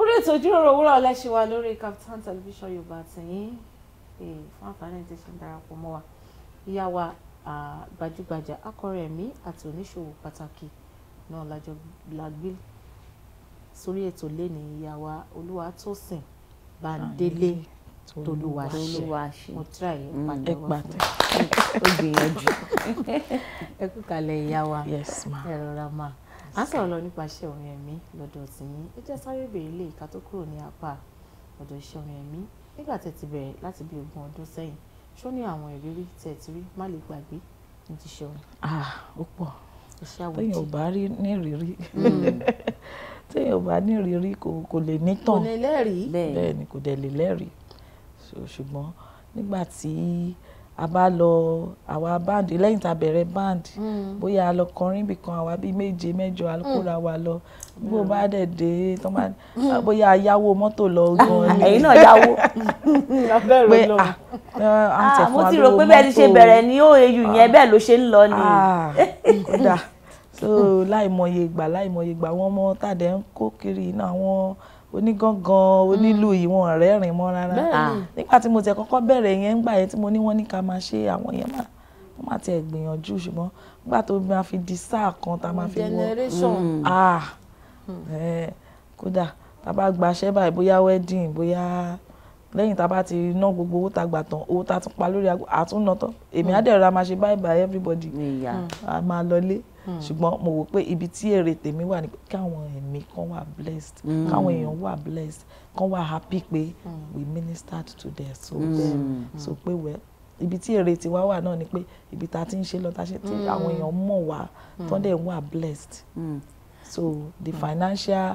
orí ètò ìjíròrò òwúrọ̀ ọ̀lẹ́ṣẹ̀ wa lórí Kaftan television yorùbá àtẹ̀yìn fún àǹfààní tí ṣe ń darapọ̀ mọ́ wa ìyá wa gbajúgbajà akọrin ẹ̀mí àti oníṣòwò pàtàkì náà lájọ lágbé sórí ètò lẹ́nìí ìyá wa Olúwatósìn Bándélé. Mm -hmm tolúwa ṣe mo tíra yìí pàdé wá fún ó gbìyànjú ẹ kú kalẹ̀ ìyá wa ẹ rọra máa à ń sọ̀rọ̀ lọ nípa iṣẹ́ orin ẹ̀mí lọ́dọ̀ tí yín ẹ jẹ́ sáré bèrè ilé ìka tó kúrò ní apá ọ̀dọ̀ iṣẹ́ orin ẹ̀mí nígbà tẹ́ ti bẹ̀rẹ̀ láti bí ogún ọdún sẹ́yìn ṣó ní àwọn ìrírí tẹ́ ti rí má lè gbàgbé ní ti ṣe orin. ó pọ̀ téèyàn ò bá rí ní ìrírí mm. téèyàn ò bá ní ìrírí kò lè nítàn bẹ́ẹ̀ ni kò dẹ̀ lè lẹ́rìí ṣùgbọ́n nígbà tí a bá lọ àwa band lẹ́yìn tá a bẹ̀rẹ̀ band hmm. bóyá a lọ kọrin ibì kan àwa bíi méje mẹ́jọ a kóra hmm. wa lọ bó hmm. bá dẹ̀ dé tó bá ah, bóyá a yáwó mọ́tò lọ gan ni ẹ̀yin náà yáwó pé ah, ah mo ti rò pé bẹ́ẹ̀ ti ṣe bẹ̀rẹ̀ ní OAU yẹn ah. bẹ́ẹ̀ ló ṣe ń lọ ni so láìmọye ìgbà láìmọye ìgbà wọn mọ tàdé ń kó kiri iná àwọn onígangan onílù mm. yìí wọn rẹ́rìn mọ́ rárá ah. nígbà tí mo tẹ̀ kọ́kọ́ bẹ̀rẹ̀ yẹn ńgbà yẹn tí mo ní wọ́n ní ká máa ṣe àwọn yẹn máa wọ́n máa tiẹ̀ gbìyànjú ṣùgbọ́n nígbà tó máa fi di sáà kan tá a máa fi wọ́ mm. ah. hmm. kódà tá a bá gbaṣẹ́ báyìí bóyá wedding bóyá lẹ́yìn tá a bá ti ná gbogbo owó tá a gbà tán owó tá a tún pa lórí àtúntàn tán èmi á hmm. dẹ̀ rọra máa ṣe bye bye everybody hmm. a máa lọlé. Hmm. ṣùgbọ́n mo wò pé ibi tí èrè tèmi wà ni káwọn ẹ̀mí kan wà blessed hmm. káwọn èèyàn wà blessed kan wà happy pé hmm. we ministered to their soul them so pé well ibi tí èrè tiwa wà náà ni pé ibi tá a ti ń ṣe lọ ṣe tí àwọn èèyàn mọ̀ wá tán dẹ̀ wà blessed so the financial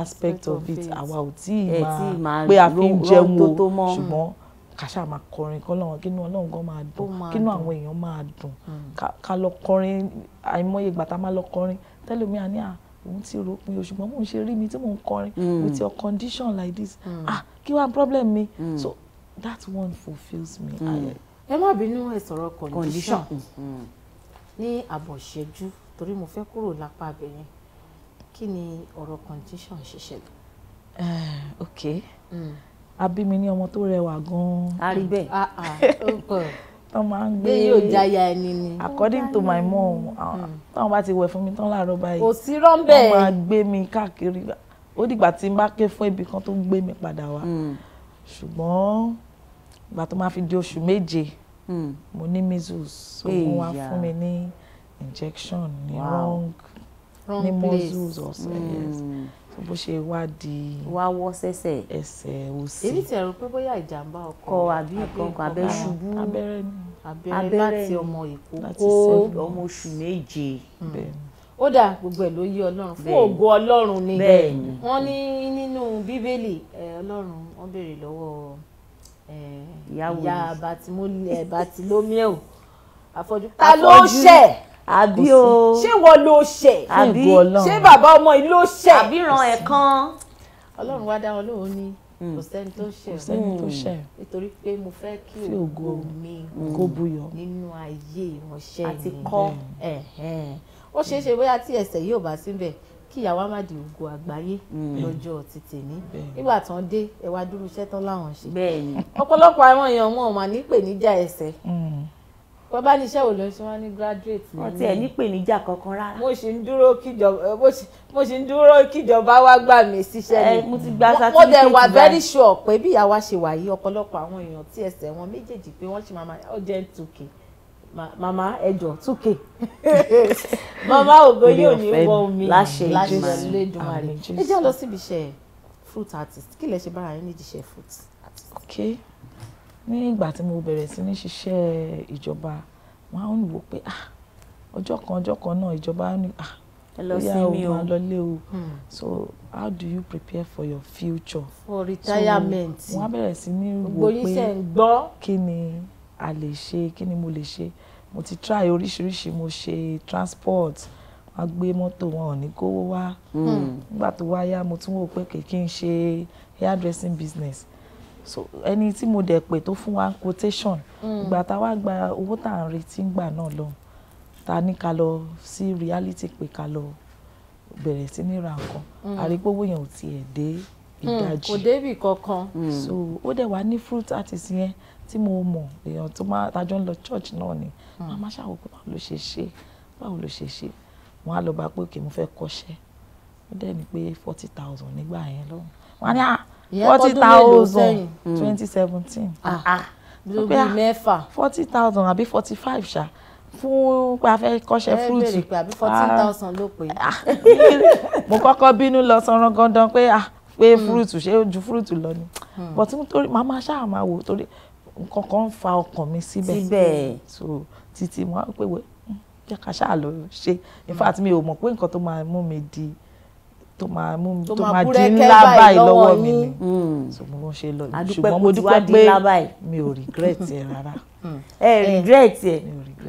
aspect of it àwa ò tí ì máa pé a fi ń jẹun o ṣùgbọ́n ká ṣáà máa kọrin kọ́ lọ́wọ́ kínú ọlọ́run gan máa dùn kínú àwọn èèyàn máa dùn hmm. ká lọ kọrin àìmọye ìgbà tá máa lọ kọrin tẹ́lómi àní à òun ti rò pin ṣùgbọ́n mò ń ṣe rí mi tí mò ń kọrin hmm. with your condition like this ah kí wàá problem mi so that one fulfils me. ẹ má bínú ẹ sọ̀rọ̀ condition ní àbọ̀ṣẹ́jú torí mo fẹ́ kúrò lápá abẹ́yẹn kí ni ọ̀rọ̀ condition ṣiṣẹ́ lọ. Eh, ok. Mm a bí ọmọ tó rẹwà gan-an. a rí bẹ́ẹ̀ ah, ah, tán máa ń gbé yóò jáya ẹni ni. according to my mom hmm. táwọn bá ti wẹ̀ fún mi tán láàárọ̀ báyìí. kò sí rọ́ńbẹ́ wọ́n máa gbé mi káàkiri ó dìgbà tí n bá ké fún ibì kan tó gbé mi padà wá hmm. ṣùgbọ́n ìgbà tó máa fi di oṣù méje hmm. mo ní measles so wọ́n wá fún mi ní injection ní wrong ní measles ọ̀sẹ̀ yes so bó ṣe wá di. wá wọ́ sẹ́sẹ̀. ẹsẹ̀ òsì. èmi ti ẹ̀rù pé bóyá ìjàmbá ọkọ àbí ìkọkọ abẹ́ ṣubú abẹ́rẹ́ ni abẹ́rẹ́ láti ọmọ ìkókó ọmọ oṣù méje. Hmm. ó dà gbogbo ẹ̀ ló yé ọlọ́run fún ògo ọlọ́run ni wọ́n ní nínú bíbélì ọlọ́run wọ́n béèrè lọ́wọ́ ìyá bàtìlómíẹ̀ o àfọ̀jú ta ló ṣẹ̀ àbí o ṣé wọ́n ló ṣẹ̀ àbí ṣé bàbá ọmọ yìí ló ṣẹ̀ àbí ràn ẹ̀ kan. ọlọ́run wá dá wọn lóhùn ni hmm. kò sẹ́ni tó ṣẹ̀ kò sẹ́ni tó hmm. ṣẹ̀ nítorí pé mo fẹ́ kí ògo mi hmm. kó buyọ nínú ayé ìránṣẹ́ mi àti kọ́ ó ṣeé ṣe bóyá tí ẹsẹ̀ yóò bá síbẹ̀ kí ìyàwó má di ògo àgbáyé lọ́jọ́ ti tèmi nígbà tán dé ẹ wá dúró iṣẹ́ tán láwọn ṣe ọ̀pọ̀lọpọ̀ àwọn èèyàn wọn ò mà ní pèníjà ẹsẹ̀ wọ́n bá níṣẹ́ lọ sí wọn ní graduate nínú. wọ́n ti ẹ̀ nípèníjà kankan rárá. mo sì ń dúró kíjọba eh, mo sì ń dúró kíjọba wá gbà mí síṣẹ́ ni. Eh, mo ti gba certificate báyìí. mo dẹ̀ wà very sure pé bí ìyàwó ṣe wà yìí ọ̀pọ̀lọpọ̀ àwọn èèyàn tí ẹsẹ̀ wọn méjèèjì pé wọ́n ṣe máa máa ọjẹ́ tùkè màmá ẹjọ tùkè màmá ògo yóò ní wọ omi láṣẹ Elédùmarè ẹ jẹ́ lọ síbi iṣẹ́ fruit artist kí lẹ ṣe bára yín nídìí okay ní ìgbà tí mo bẹ̀rẹ̀ sí ní ṣiṣẹ́ ìjọba wọn á wò pé ah, ọjọ́ kan ọjọ́ kan náà ìjọba ní ah, bóyá o máa lọlé o hmm. so how do you prepare for your future for retirement so wọn á bẹ̀rẹ̀ sí ní wò pé kí ni a lè ṣe kí ni mo lè ṣe mo ti try oríṣiríṣi mo ṣe transport a gbé mọ́tò wọn ò ní kówó wá hmm. nígbà tó wá mo tún wò pé kì í ṣe hairdressing business so ẹni tí mo dẹ̀ pè tó fún wa quotation mm. ìgbà tá a wá gba owó tá à ń retí ń gbà náà lọ ta ní ká lọ sí reality pé ká lọ bẹ̀rẹ̀ sí ní ra nǹkan àrígbówó mm. yẹn ò tiẹ̀ dé mm, ìdajì kò débì kankan so ó dẹ̀ wá ní fruit artist yẹn tí mo mọ̀ èèyàn tó máa tajọ ń lọ church náà ni màmá ṣàwòkọ́ báwo ló ṣe ṣe báwo ló ṣe ṣe wọn á lọ bá pé òkè mo fẹ́ kọ́ṣẹ́ ó dẹ̀ ní pé forty thousand nígbà yẹn lọ́hùn wọn á ní à ah, forty thousand hmm. twenty seventeen ah, ah, bí mẹ́fà forty thousand àbí forty five ṣá fún pé a fẹ́ kọ́ṣẹ́ fúrúùtù. ẹ bèrè pé àbí fourteen ah. thousand ló pé. mo kọ́kọ́ bínú lọ sanran gandan pé ah pé hmm. fúrúùtù ṣé ju fúrúùtù lọ ni hmm. but nítorí màá máa ṣáà máa wò torí nǹkan kan ń fa ọkàn mi síbẹ̀ síbẹ̀ so títí mo á pè wẹ́ jẹ́ ká ṣáà lọ ṣe in fact mi ò mọ̀ pé nǹkan tó máa mú mi di tó máa mú mi tó máa di ńlá báyìí lọ́wọ́ mi ni mm. so mo ló ń ṣe lọ ṣùgbọ́n mo dúpẹ́ pé mi ò regret mm. ẹ rárá. Eh, ẹ regret ẹ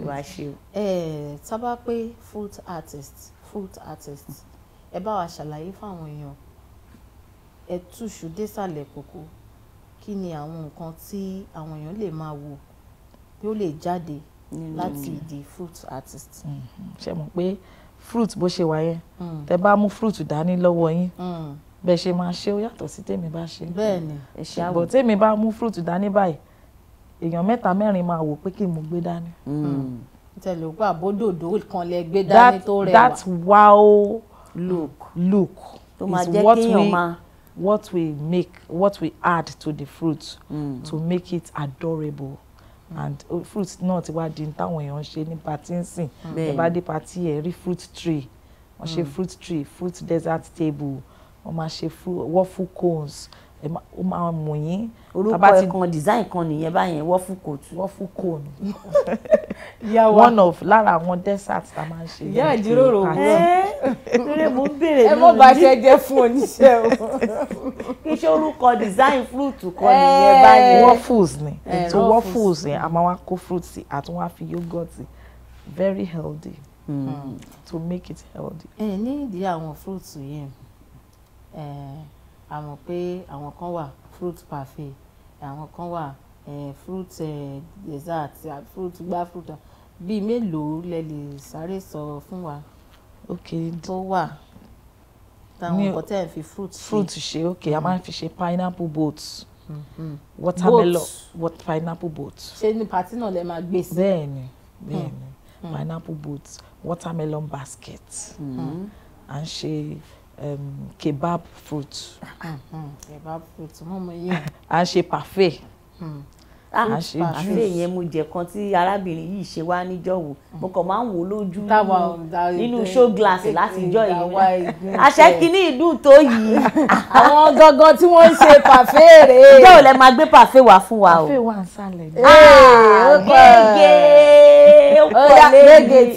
wàá ṣe o. ẹ eh, tábà pé food artist fruit artist ẹ bá wa ṣàlàyé fáwọn èèyàn ẹ túṣu désàlẹ̀ kókó kí ni àwọn nǹkan tí àwọn èèyàn lè máa wò bí ó lè jáde láti di food artist. Mm-hmm. ṣe mọ̀ pé. Mm -hmm fruit bó ṣe wà yẹn mm. bá mú fruit dání lọ́wọ́ yín mm. bẹ́ẹ̀ ṣe máa ṣe ó yàtọ̀ sí tèmi bá ṣe bẹ́ẹ̀ni ṣùgbọ́n tèmi bá mú fruit dání báyìí èèyàn mẹ́ta mẹ́rin máa wò pé kí n mú gbé dání. Mm. tẹ̀lé òkú àbódòdó kan lẹ gbé dání tó rẹwà that wow look look is what we what we make what we add to the fruit mm. to make it adorable and oh, fruit náà ti wá di táwọn èèyàn ń ṣe ní patí ń sìn hmm. ẹ bá dé patí ẹ rí fruit tree wọ́n ṣe hmm. fruit tree fruit desert table wọ́n máa ṣe waffle cones ó máa mú yín. orúkọ ẹ kan design kan nìyẹn báyẹn wọ́fù kóòtù. wọ́fù kóòtù one of lára àwọn desert tá a máa ń ṣe. ìyá ìjíròrò wúrọ̀ ẹ mo ń béèrè lórí. ẹ mọ̀ bá ṣe jẹ́ fún oníṣẹ́ o. iṣẹ́ orúkọ design fruit kan nìyẹn báyẹn. waffles ni ètò waffles yẹn a máa wá kó fruit sí àti wọ́n á fi yogurt very healthy hmm. to make it healthy. ẹ ní ìdí àwọn fruit yẹn. Uh, a mọ̀ pé àwọn kan wà fruit parfait àwọn kan wà eh, fruit eh, dessert fruit gbá fruit bíi mélòó lẹ lè sáré sọ fún wa tó wà táwọn nǹkan tẹ́ ẹ̀ fi fruit ṣe fruit ṣe ok a máa ń fi ṣe pineapple boat mhm. watermelon what pineapple boat ṣé ní pàtí náà lẹ máa gbé sí bẹ́ẹ̀ni bẹ́ẹ̀ni hmm. Hmm. pineapple boat watermelon basket hmm. à ń ṣe um, kebab fruit. Mm-hmm. kebab fruit mọ́ mo à ń ṣe parfait. à mm-hmm. ń ah, ṣe juice parfait yẹn mo jẹ kan tí arábìnrin yìí ṣe wá níjọ́wọ́ mm-hmm. mo kàn máa ń wò lójú nínú show glass látijọ́ yìí àṣẹ kìíní ìdùn tó yìí. àwọn gangan tí wọ́n ń ṣe parfait rè é. ìjọ́ ò lẹ máa gbé parfait wá fún wa o. parfait wà ń Ah, ní. gègé ó pọ̀ oh, lẹ́yìn.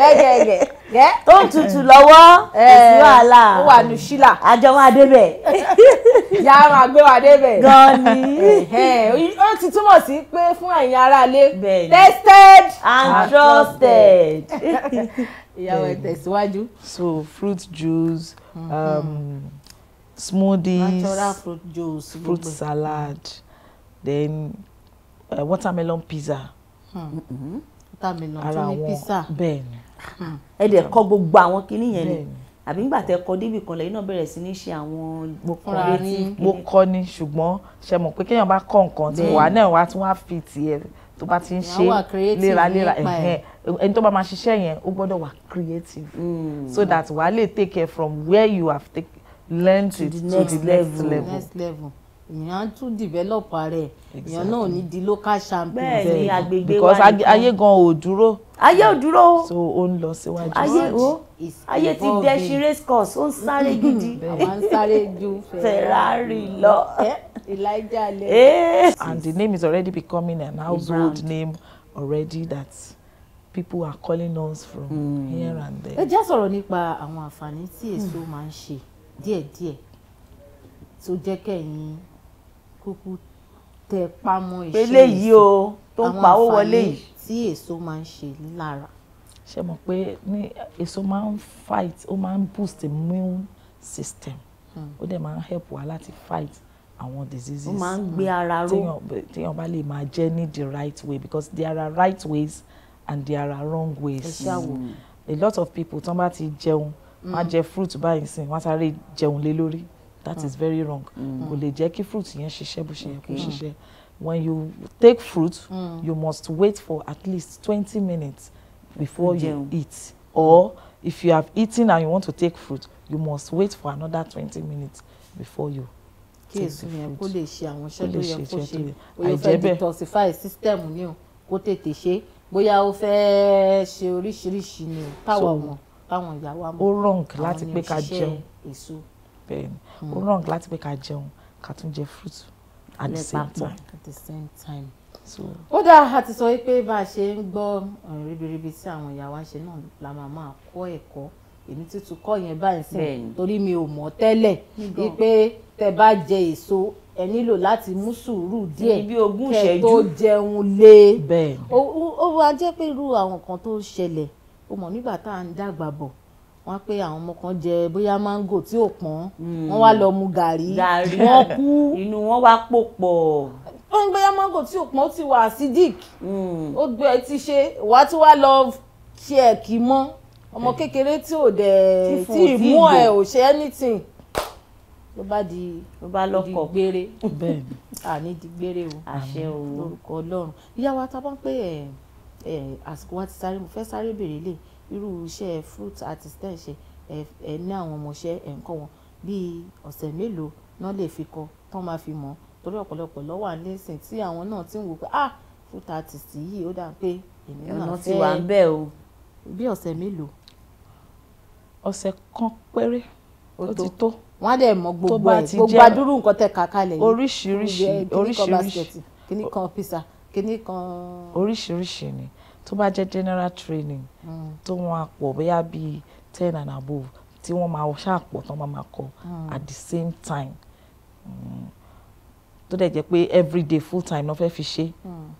gègé gègé ó ń tutù lọ́wọ́ èsì wàhálà ó wà ní ṣílà àjọ máa débẹ̀. ìyá máa gbé wa débẹ̀. gan ni. ó ti túmọ̀ sí pé fún ẹ̀yin aráalé tested and trusted. ìyàwó ẹ̀ tẹ̀síwájú. so fruit juice. Um, smoothies, natural fruit juice, fruit salad, then uh, watermelon pizza. Hmm. Mm-hmm. Watermelon ara wọn bẹ́ẹ̀ ẹ dẹ̀ kọ́ gbogbo àwọn kinní yẹn ni àbí nígbà tẹ kọ débì kan lẹ́yìn náà bẹ̀rẹ̀ sí ní ṣe àwọn fúnra ní. mo kọ́ ni ṣùgbọ́n ṣe mọ̀ pé kéèyàn bá kọ́ nǹkan tí wàá náà wàá tún wá fi tiẹ̀ tó bá ti ń ṣe léraléra ẹni tó bá máa ṣiṣẹ́ yẹn ó gbọ́dọ̀ wà creative hmm. so that wàá lè take care from where you have take, learned to, to the next, to the next level èèyàn á tún develop rẹ̀ èèyàn náà ní di local champion bẹ́ẹ̀ ni agbègbè wa because ayé gan ò dúró ayé ò dúró so ó ń lọ síwájú ayé o ayé ti dẹ́sí race course ó ń sáré gidi àwọn sáré ju Ferrari lọ eh, Elijah lẹ. Eh. and the name is already becoming an household name already that people are calling us from hmm. here and there. ẹ jẹ́ sọ̀rọ̀ nípa àwọn àǹfààní tí èso hmm. máa ń ṣe díẹ̀díẹ̀ tó jẹ́ kẹ́yìn kúkú tẹ pamọ́ iṣẹ́ èso eléyìí o tó ń pawó wọlé yìí tí èso máa ń ṣe lára. ṣe mọ̀ pé ní èso máa ń fight ó máa ń boost immune system hmm. ó dẹ̀ máa ń help wa láti fight àwọn diseases. ó máa ń gbé hmm. ara ró téèyàn bá lè máa jẹ ní the right way because there are right ways and there are wrong ways. Mm. a lot of people tán bá ti jẹun wọ́n á hmm. jẹ fruit báyìí sìn wọ́n á sáré jẹun lé lórí that is mm. very wrong mm. kò lè jẹ́ kí fruit yẹn ṣiṣẹ́ bó ṣe yẹ kó ṣiṣẹ́ when you take fruit mm. you must wait for at least twenty minutes before you eat or if you have eaten and you want to take fruit you must wait for another twenty minutes before you kí èso yẹn kó lè ṣe àwọn iṣẹ́ tó kó ṣe oyè fẹ́ detoxify system ni o kó tètè ṣe bóyá ó fẹ́ ṣe oríṣiríṣi ni táwọn táwọn ìyàwó àmọ́ ó wrong láti pé ká jẹun èso bẹ́ẹ̀ ni ó hmm. ràn láti pé ká jẹun ká tún jẹ fruit at the same time. at the same time. ó dáa a ti sọ pé bá a ṣe ń gbọ́ ọ̀rọ̀ ribiribi tí àwọn ìyá ṣe náà la máa máa kọ́ ẹ̀kọ́ èmi tuntun kọ́ yẹn báyìí sẹ́yìn torí mi ò mọ̀ tẹ́lẹ̀ wípé tẹ bá jẹ èso ẹ nílò láti mú sùúrù díẹ̀ kẹ tó jẹun lé ó wá jẹ́ pé irú àwọn kan tó ṣẹlẹ̀ o mọ̀ nígbà tá à ń dàgbà bọ̀ wọ́n pe àwọn ọmọ kan jẹ bóyá mango tí ò pọ́n hmm. wọ́n wá lọ mu gàrí wọ́n kú inú wọn wá pò pọ̀ wọ́n gbéyà mango tí ò pọ́n ti wà acidic hmm. ó gbé ẹ ti ṣe wàá tí wàá lọ ṣe ẹ̀ kì í mọ́ ọmọ hmm. kékeré tí ò dẹ̀ tí ìmú ẹ̀ ò ṣe anything ló bá di ló bá lọkọ gbére bẹ́ẹ̀ àní di gbére o àṣẹ o lórúkọ Ọlọ́run ìyá wa ta bá ń pè ẹ àsìkò wa ti sáré mo fẹ́ sáré béèrè lè irú iṣẹ́ fruit artist tẹ̀ ń ṣe ẹ ní àwọn ọmọọṣẹ́ ẹ̀ ń kọ́ wọn bíi ọ̀sẹ̀ mélòó náà lè fi kọ́ tán máa fi mọ̀ torí ọ̀pọ̀lọpọ̀ lọ́wọ́ à ń lẹ́sìn tí àwọn náà ti ń wò pé ah fruit artist yìí ó dà pé èmi náà fẹ́ ọ̀nà ti wà ń bẹ̀ o bí ọ̀sẹ̀ mélòó. ọ̀sẹ̀ kan péré ó ti tó wọ́n á dẹ̀ mọ̀ gbogbo ẹ̀ gbogbo adúrú nǹkan tẹ̀ ká kalẹ̀ yìí oríṣiríṣi oríṣiríṣi kíní kan pizza kíní kan. oríṣiríṣi ni tó bá jẹ́ general training mm. tó wọn àpọ̀ bóyá bíi ten and above tí wọ́n máa ṣàpọ̀ tán máa máa kọ mm. at the same time mm. tó dẹ̀ jẹ́ pé everyday full time náà fẹ́ẹ́ fi ṣe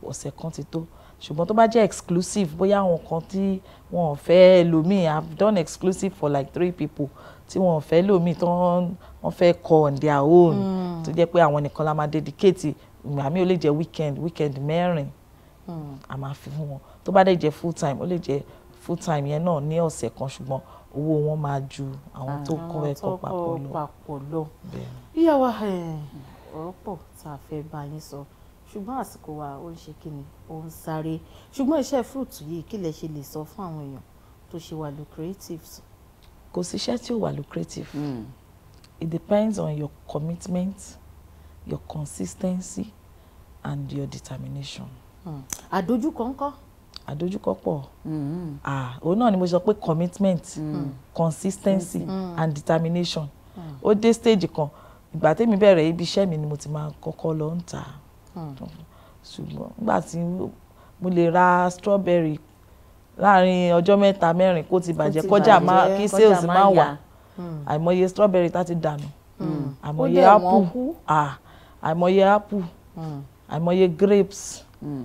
ọ̀sẹ̀ kan ti tó ṣùgbọ́n tó bá jẹ́ exclusive bóyá àwọn kan tí wọn ò fẹ́ lòmíì i have done exclusive for like three people tí wọn ò fẹ́ lòmíì tí wọ́n fẹ́ kọ on their own tó jẹ́ pé àwọn nìkan la máa dedicate ìgbà mi ò lè jẹ́ weekend weekend mẹ́rin a máa fi fún wọn tó bá dẹ̀ jẹ́ full time ó lè jẹ́ full time yẹn náà ní ọ̀sẹ̀ kan ṣùgbọ́n owó wọn máa ju àwọn tó kọ́ ẹ̀kọ́ papọ̀ lọ. ìyá wa ọ̀rọ̀ pọ̀ tá a fẹ́ bá yín sọ ṣùgbọ́n àsìkò wa ó ń ṣe kí ni ó ń sáré ṣùgbọ́n iṣẹ́ fúrùtù yìí kí lẹ ṣe lè sọ fún àwọn èèyàn tó ṣe wà lucrative. kò síṣẹ́ tí ò wà lucrative mm. it depends on your commitment your consistency and your determination. Hmm. àdójúkọ ńkọ́. Mm àdójúkọ pọ̀ ah òun náà ni mo sọ pé commitment mm-hmm. consistency mm-hmm. and determination mm. ó dé stage kan ìgbà tẹ́mi bẹ̀rẹ̀ ibi iṣẹ́ mi ni mo ti máa kọ́kọ́ lọ ń tà mm. ṣùgbọ́n nígbà tí mo lè ra strawberry láàrin ọjọ́ mẹ́ta mẹ́rin kó ti bàjẹ́ kọjá máa kí sales máa wà mm. àìmọye strawberry tá ti dànù àìmọye apple àìmọye apple àìmọye grapes. Mm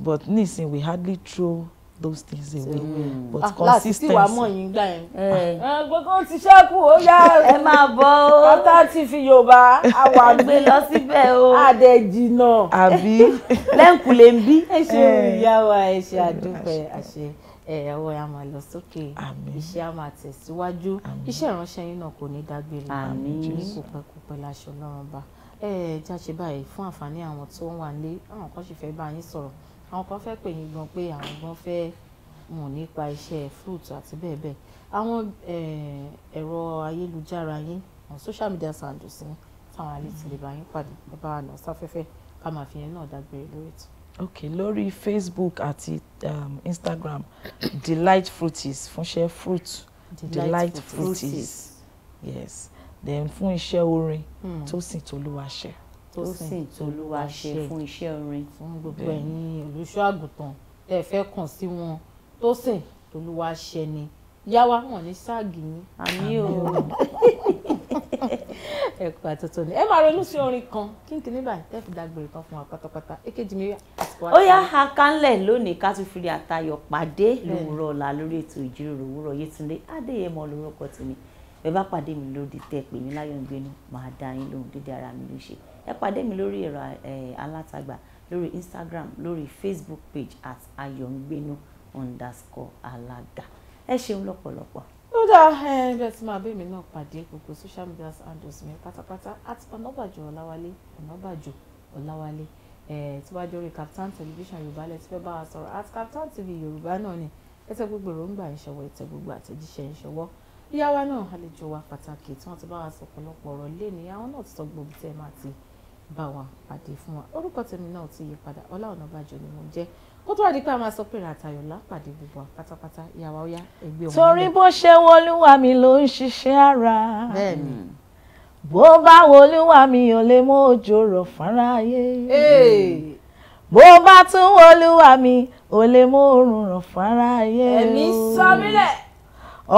but nísìnyí we hardly throw those things mm. away mm. but ah, consistency. láti tí wàá mọ̀ yín gbà yẹn. Eh. Eh, gbogbo ti ṣẹ́kù ó yá ẹ máa bọ̀ ó. bàtà ti fi yorùbá àwa gbé lọ síbẹ̀ o. àdẹ̀jì náà. àbí. lẹ́ǹkùlé ń bí. ẹ ṣe eh. ìyá wa ẹ ṣe àdúpẹ́ àṣẹ ẹ̀yàwó ẹ̀ á máa lọ sókè iṣẹ́ á máa tẹ̀síwájú iṣẹ́ ìránṣẹ́ yín náà kò ní dágbére ní kòpẹ́kòpẹ́ láṣọ lọ́rùn bá ẹ̀ jáṣe báyìí fún àǹfààní àwọn tó ń wà nílé àwọn kan sì fẹ́ bá yín sọ̀rọ̀ àwọn kan fẹ́ pè yín gan pé àwọn gan fẹ́ mọ̀ nípa iṣẹ́ fruit àti bẹ́ẹ̀ bẹ́ẹ̀ àwọn ẹ̀rọ ayélujára yín àwọn social media handles yín táwọn àlejò lè bá yín pàdé ẹ bá nà sáfẹ́fẹ́ ká máa fi yẹn náà dágbére lórí ètò. ok lórí facebook àti um, instagram delight fruities fúnṣẹ́ fruit delight fruities yes then fún iṣẹ́ orin hmm. Tósìn Tolúwaṣẹ́ tósìn tolúwa ṣe fún iṣẹ́ orin fún gbogbo ẹ̀yin olùṣọ́ àgùntàn tẹ́ fẹ́ kàn sí wọn tósìn tolúwa ṣe ni yáwá wọn ní ságì yín àmì o ẹkọ àtọtọ ni ẹ máa ronú sí orin kan kínkín ní báyìí tẹ́ fi dágbére kan fún wa pátápátá èkejì mi àsìkò àti. ó yá akánlẹ̀ lónìí ká tún fìdí àtayọ̀ pàdé lówùúrọ̀ ọ̀la lórí ètò ìjíròrò òwúrọ̀ Yétúndé Adéyẹmọ lórúkọ tèmi bẹ́ẹ̀ bá pàdé mi lóde tẹ́ pè mí láyọ̀ ń gbénu màá dá yín lóhùn dédé ara mi ló ṣe ẹ pàdé mi lórí ẹ̀rọ alátagbà lórí Instagram lórí Facebook page at ayọ̀ngbénu underscore alaga. ẹ ṣeun lọ́pọ̀lọpọ̀. ó dáa bẹ́ẹ̀ tí máa bẹ́ẹ̀ mi náà pàdé gbogbo social media handles mi pátápátá at ọ̀nàbàjò ọ̀làwálé ọ̀nàbàjò ọ̀làwálé tí wàá jọ rí captain television yorùbá lẹ ti fẹ́ bá wa sọ̀rọ̀ at Kaftan TV yorùbá náà ni ẹ tẹ gbogbo èròǹgbà ìṣọwọ́ ẹ tẹ gbogbo àtẹ̀jíṣẹ́ ìṣọwọ́ ìyá wa náà àlejò wa pàtàkì tí wọ́n ti bá wa sọ ọ̀pọ̀lọpọ̀ ọ̀rọ̀ lé ní àwọn náà ti sọ gbòógì tẹ́ máa ti bá wa pàdé fún wa orúkọ tèmi náà ti yí padà Ọlá Ọ̀nàbàjọ́ ni mo jẹ́ kó tó wá di pé a máa sọ pé ràtàyọ̀ lápàdé gbogbo pátápátá ìyàwó ọ̀yá ẹgbẹ́ òun. torí bó ṣe wọlúwa mi ló ń ṣiṣẹ́ ara bó bá wọlúwa mi ò lè mú òjò rọ̀ fara ayé bó bá tún wọlúwa mi ò lè mú òrùn rọ̀ fara ayé ẹ̀mí sọ mílẹ̀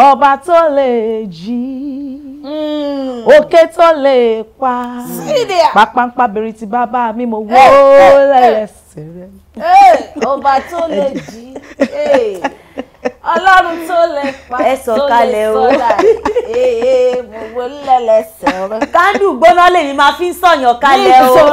ọba tó lè jí. Mm. òkè tó lè pa pápánpá bèrè ti bàbá mi mo wó eh, eh, eh. lẹ́lẹ́sẹ̀ rẹ̀. ọba tó lè jí ọlọ́run tó lè pa tó lè sọ́dà ee mo wó lẹ́lẹ́sẹ̀ rẹ̀. kándù gbóná lèmi máa fi ń sọ̀yàn kalẹ̀ o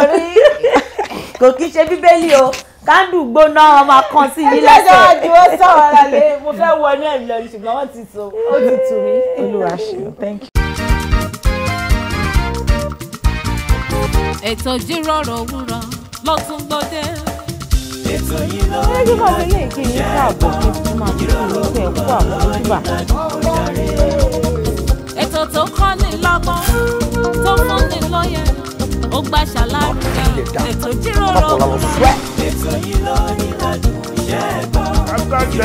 kò kí ṣe bíbélì o kándù gbóná ọmọ kan sí yín lẹ́sẹ̀. ẹjọ́ àjò ó sọ̀rọ̀ lálẹ́ mo fẹ́ wọnú ẹ̀ lọ ṣùgbọ́n wọ́n ti so ó ti tù mí. olúwa thank you. ètò ìjíròrò òwúrọ̀ ló tún gbòde. ètò yìí ló ń bá ilé ìgbé yín káàbọ̀ kí n máa fi ìlú ẹ̀ kú ètò tó kọ́ ni lọ́gbọ́n tó fún ni lóye ó gbà ṣàlàyé ètò ìjíròrò òwúrọ̀. ètò yìí ló ń bá ilé ìgbé yín káàbọ̀ kí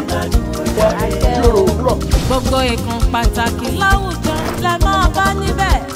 n máa fi ìlú ẹ̀ kú àbójúbà. gbogbo ìkan pàtàkì láwùjọ lẹ máa bá níbẹ̀